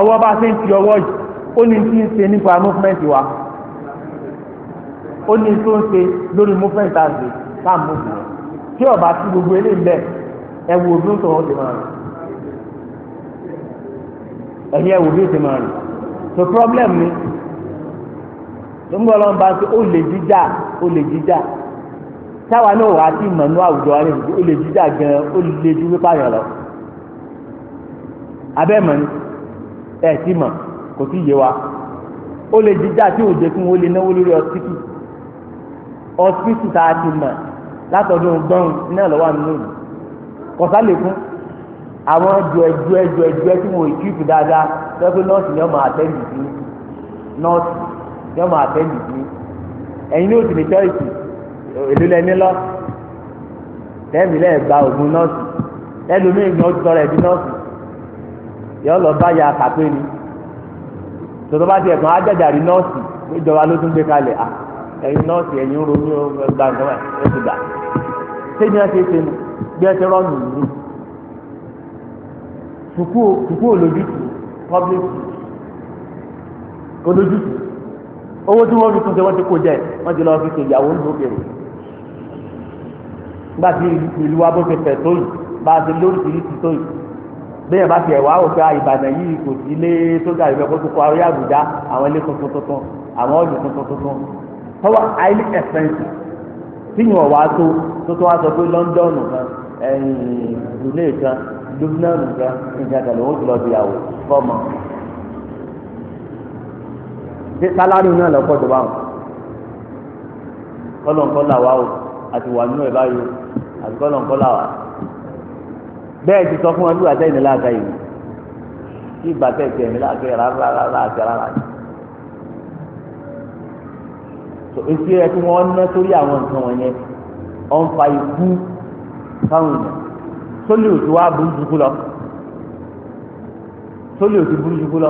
Speaker 1: ọwọ́ bá ṣe ń ọwọ́ yìí. ó ní tí ń ṣe nípa movement wa ó ní tó ń ṣe lórí movement àgbè tá à ń mú tí ọba tí gbogbo eléyìí bẹ ẹ wo bí ó sọ wọn ti máa rìn ẹ̀yin ẹ wo bí máa rìn so problem ni nígbà ọlọ́run bá ń sọ ó lè jíjà ó lè jíjà táwa náà wàá sí ìmọ̀ ní àwùjọ wa lè ó lè jíjà gan ó lè ju wípé àyàn lọ abẹ́ mọ̀ ni ẹ̀ sí mọ̀ kò sí yé wa ó lè jíjà tí ò jẹ́ fún wọn ó lè náwó lórí ọsibítù ọsibítù tá a ti mọ̀ látọ̀dún gbọ́n iná lọ́wọ́ nínú ìlú kọ̀sá lè fún àwọn jọ̀ẹ́jọ̀ jọ̀ẹ́jọ̀ tí wọn ò kíkù dáadáa lọ́pẹ́ nọ́ọ̀sì ni wọ́n máa tẹ́lẹ̀ sí nọ́ọ̀sì ni wọ́n máa tẹ́lẹ̀ sí ẹ̀yin ní òsì ní chọ́ọ̀sì èlò lẹ́ni lọ tẹ́ẹ̀mì lẹ́ẹ̀ gba ògùn nọ́ọ̀sì ẹlòmíì ni ó tọrọ ẹ̀bí nọ́ọ̀sì yọ lọ bá ya kàpé ni tòtò bá ti ẹ̀kan ajájàrí nọ́ọ̀sì ìjọba ló tún gbé kalẹ̀ à ah, ẹ̀yin nọ́ọ̀sì ẹ̀yin ronú gba nǹkan ẹ̀ ó ti gbà sẹ́yìn náà ṣe ṣe bí ẹ ti rọ́ọ̀nù nù olójútù public olójútù owó tí wọ́n fi wọ́n ti kó wọ́n ti fi ṣe ìyàwó ìlú bá a bẹ́ẹ̀ bá tiẹ̀ wá òkè ìbàdàn yìí kò sí ilé sójà ìbẹ̀ tó kọ ayé àbújá àwọn ilé tuntun tuntun àwọn ọ̀dùn tuntun tuntun tọ́wọ́ highly expensive tíyìn ọ̀wá tó tó tó wá sọ pé London kan ìdílé kan Lebanon kan ìjàkà lòun ti lọ di àwò fọmọ. ṣé sálárì náà lọ́kọ̀ tó bá wọn kọ́lọ̀ ń kọ́lá wa o àti wà nínú ẹ̀ báyìí àti kọ́lọ̀ ń kọ́lá wa bẹ́ẹ̀ ti sọ fún wọn lúwa sẹ́yìn láàka yìí kí ìgbà tẹ̀sí ẹ̀mí láàka yìí rárá rárá àti rárá so èsì ẹ̀ tí wọ́n ná sórí àwọn nǹkan wọ̀nyẹn ọ̀n fa ikú fáwọn èèyàn sólì òtí wàá burú jùkú lọ sólì òtí burú jùkú lọ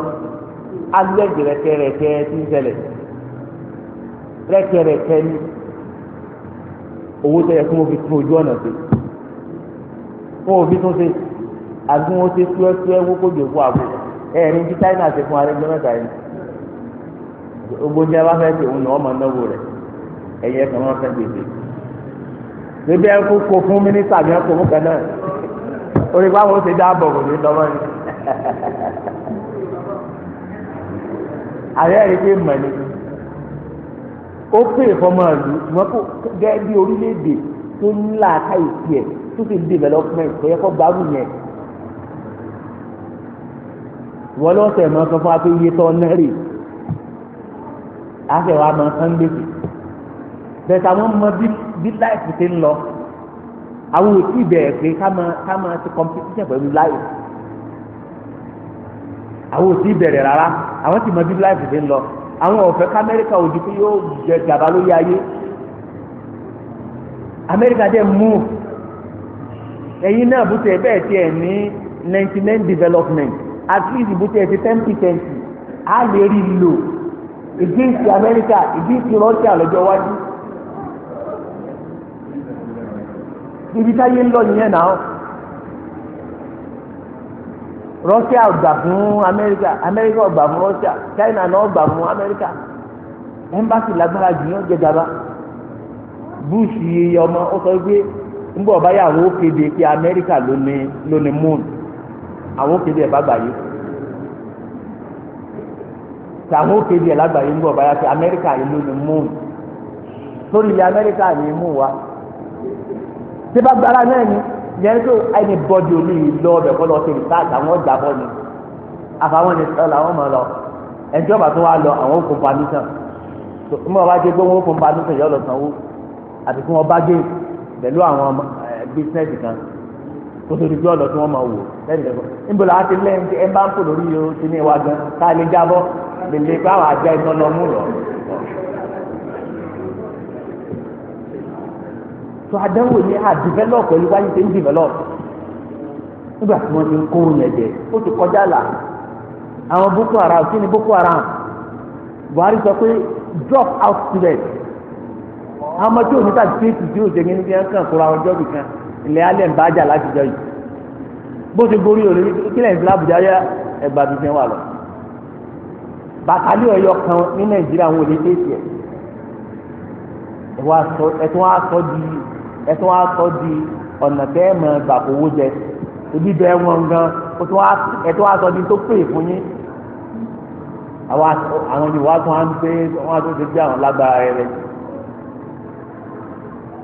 Speaker 1: alẹ́jì rẹ̀kẹ̀rẹ̀kẹ̀ ti ń ṣẹlẹ̀ rẹ̀kẹ̀rẹ̀kẹ̀ ni owó tẹ̀yẹ fún mo fi tún ojú ọ̀nà sí i o òbí tó ṣe àgún wọn ṣe túẹ́túẹ́ wó kójú òkú àbò ẹ̀rín tí China ṣe fún arẹ́gbẹ́ mẹ́ta yìí gbogbo jẹ́ bá fẹ́ ṣe òun náà ọmọ náwó rẹ̀ ẹ̀yẹ kan wọ́n fẹ́ gbèsè bébí ẹ kó kó fún mínísítà mi ọkọ̀ mú kan náà orí báwo ṣe dáàbò kò ní lọ́wọ́ ni àrẹ ẹ̀rí pé mọ̀ ni ó pè fọmọ ìlú ṣùgbọ́n gẹ́gẹ́ bí orílẹ̀-èdè tó ń là ká ìpì ẹ̀ stupid development kò yẹ kó gbárù yẹn wọ́n lọ́sẹ̀ máa sọ fún wa pé iye tó ná rè àṣẹ wa máa sán gbèsè bẹ́ẹ̀ táwọn mọ bí láìpù ti ń lọ àwọn òtí bẹ̀rẹ̀ pé ká máa ká máa ti competition pẹ̀lú láìpù àwọn òtí bẹ̀rẹ̀ rárá àwọn ti mọ bí láìpù ti ń lọ àwọn ọ̀fẹ́ k'Amẹ́ríkà òdì pé yóò jẹ gàba lórí ayé Amẹ́ríkà dẹ̀ move. eyi náà bó tẹ bẹ́ẹ̀ tiẹ̀ ní ninety nine development at least bó tẹ ti ten percent á lè rí lò against America against Russia lọ́jọ́ wájú.
Speaker 2: ibi táyé ń lọ nìyẹn náà
Speaker 1: Russia gbà fún America America gbà fún Russia China na gbà fún America embassy lágbára jù yàn jẹjàba Bush yìí ọmọ ó ńbọ̀ báyà àwọn òkèdè pé amẹ́ríkà ló ní ló ní moon àwọn òkèdè ẹ̀ bá gbàyè tàwọn òkèdè ẹ̀ lágbàyè ńbọ̀ báyà pé amẹ́ríkà ló ní moon lórí ilẹ̀ amẹ́ríkà ní mú wa tí bá gbára náà ni yẹn tó ẹni bọ́dì omi lọ ọbẹ̀ kọ́ lọ sí ìta àtàwọn ọjà bọ́ ni àfàwọn ní sọ làwọn mọ̀ lọ ẹjọ́ bá tó wá lọ àwọn òkun pamisàn tó ń bọ̀ wá dé gbóhùn òkun pamisàn yọ lọ sanwó àti pẹ̀lú àwọn bísínẹ́sì kan ọ̀dọ̀ tí wọ́n máa wò lẹ́yìn níbo la ti lẹ́yìn tí ẹ bá ń lórí ti ní ìwà gan a lè jábọ́ lè lè àwọn àjẹ ìtọ́ lọ mú lọ.
Speaker 2: tó àdánwò ni a
Speaker 1: develop pẹ̀lú wáyé tí ń develop nígbà tí wọ́n ti ń kó yẹn jẹ ó ti kọjá là àwọn Boko Haram àwọn ọmọ tí òní tàbí tíìtì tí òjò ní níbi ẹ̀ńkàn kóra ọjọ́ bì kan ilẹ̀ alẹ́ ń bájà láti jọ yìí bó ti gorí òní kílẹ̀ ìfúnlá àbújá yá ẹgbàá bíi fẹ́ wà lọ. bàtàlí ọ̀yọ́ kan ní nàìjíríà wọn ò lè tẹ̀sí ẹ̀ ẹ̀tún wá sọ di ọ̀nà bẹ́ẹ̀ mọ̀ gbàkówó jẹ ibi bẹ́ẹ̀ wọn gan ẹ̀tún wá di tó pè fún yín àwọn yorùbá tún wá ń pé wọn á tún ti gbé àwọn lágbára rẹ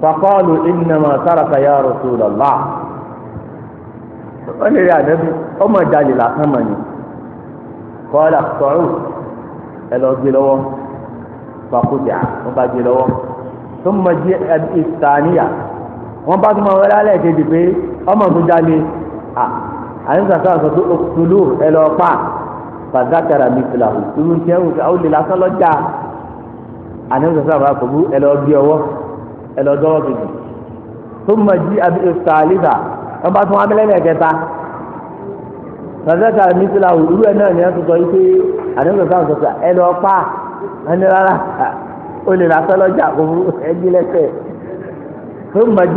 Speaker 1: fakọọlù ìnàmà sáraka ya Rasulullah ó lè rí ànábi ó mà jalè lásán mà ní kọ́lá sọ̀rọ̀ ẹ lọ gbé lọ́wọ́ wọ́n bá gbé lọ́wọ́ wọlé alẹ́ kejì pé ọmọ tó à òkùtùlù òkùtùlù lásán lọ́jà ẹlọdọrọ kejì tó mọ jí àlìfà wọn bá tún abẹlẹ lẹkẹta lọsẹsẹ àmìtìlá òwúrú ẹ náà ní ẹ tuntun yìí pé àdéhùn sọsọ ẹni rárá lè ra òwúrú bí bá tún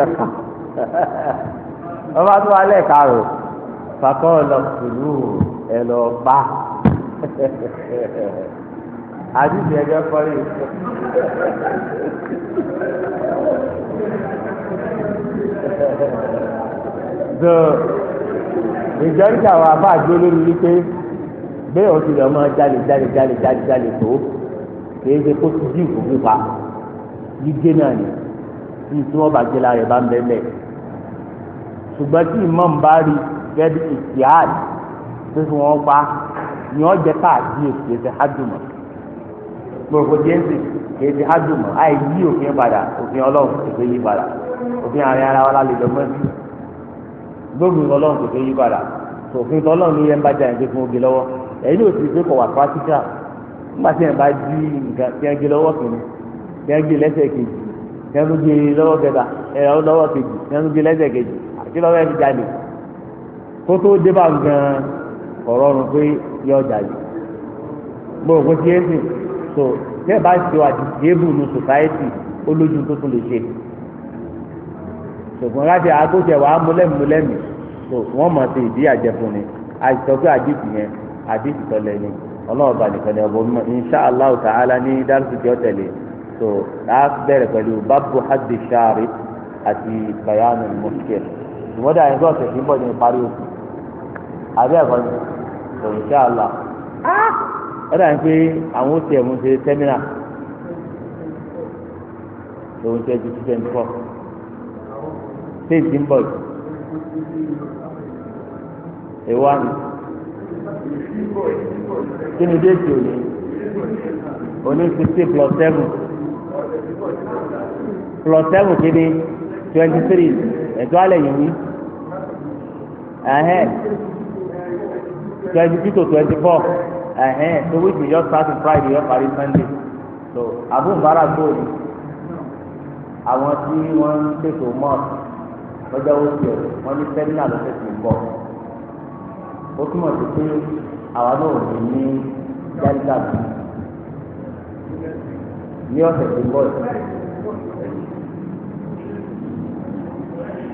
Speaker 1: lè ra ọba tó wà lẹ́ẹ̀karò fàkọ́ lọ sùlù ẹ lọ bá àdìsí ẹgbẹ́ fọ́lì. so ìjọ́rí àwọn àbá àjọ lórí wípé bẹ́ẹ̀ ó ti lọ máa jalè jalè jalè jalè jalè tó kìí ṣe kó ti dí ìkókó pa yígé náà ni tí ìtumọ̀ bàjẹ́ la rẹ̀ bá ń bẹ́ẹ̀ bẹ́ẹ̀. ṣùgbọ́n tí imam bá rí gẹ́gẹ́ bí ìtìhàd tó fi wọ́n pa ni wọ́n jẹ́ káàdì èsì èsì gbogbo èsì àì yí òfin padà òfin ọlọ́run kò fẹ́ yí padà òfin àárín ara lálẹ́ gbogbo ọlọ́run kò fẹ́ yí padà òfin tọ́lọ́run ní yẹn bá fún lọ́wọ́ di nǹkan tí yẹn gé lọ́wọ́ kí lọ́wọ́ ẹni jalè kó tó dé bá gan ọ̀rọ̀ ọ̀run pé yọ jalè mo rò pé kí ẹ́sìn so bẹ́ẹ̀ bá ti wà dìbò nu society olójú tó tún lè ṣe ṣùgbọ́n láti àgójẹ wàá múlẹ́múlẹ́mì so wọ́n mọ̀ sí ìdí àjẹfúnni àìsọ̀gbẹ́ àdìsí yẹn àdìsí tọ́lẹ̀ ni ọlọ́run bá nìkan ní ọ̀bọ̀ mímọ́ inṣàlá ta'ala ní dárúkú tí ó so láti bẹ̀rẹ̀ pẹ̀lú bábù haddi ṣáàrí àti bayanu muskil ìwọ́n dà ẹjọ́ ọ̀sẹ̀ tí ń bọ̀ ní ìparí oṣù àbí ẹ̀kọ́ ni òun ṣe àlà ó dà ní pé àwọn oṣù ẹ̀mú ṣe sẹ́mínà òun ṣe ju two twenty four ṣé ìdí ń bọ̀ yìí
Speaker 2: èwo àná kí ni déètì òní òní sixty plus seven plus seven kí
Speaker 1: ni twenty three ẹ̀tọ́ alẹ́ yìí wí
Speaker 2: twenty two to twenty four
Speaker 1: so which we just start on Friday yọ parí Sunday so abúmbára gbòòrò àwọn tí wọ́n ń ṣètò mọ́ọ̀sì lọ́jọ́ oṣù ẹ̀ wọ́n ní sẹ́mínà lọ́sẹ̀ tó ń bọ̀ ó túmọ̀ sí pé àwa náà ò ní ní jálíkà ní ọ̀sẹ̀ tó ń bọ̀ yìí.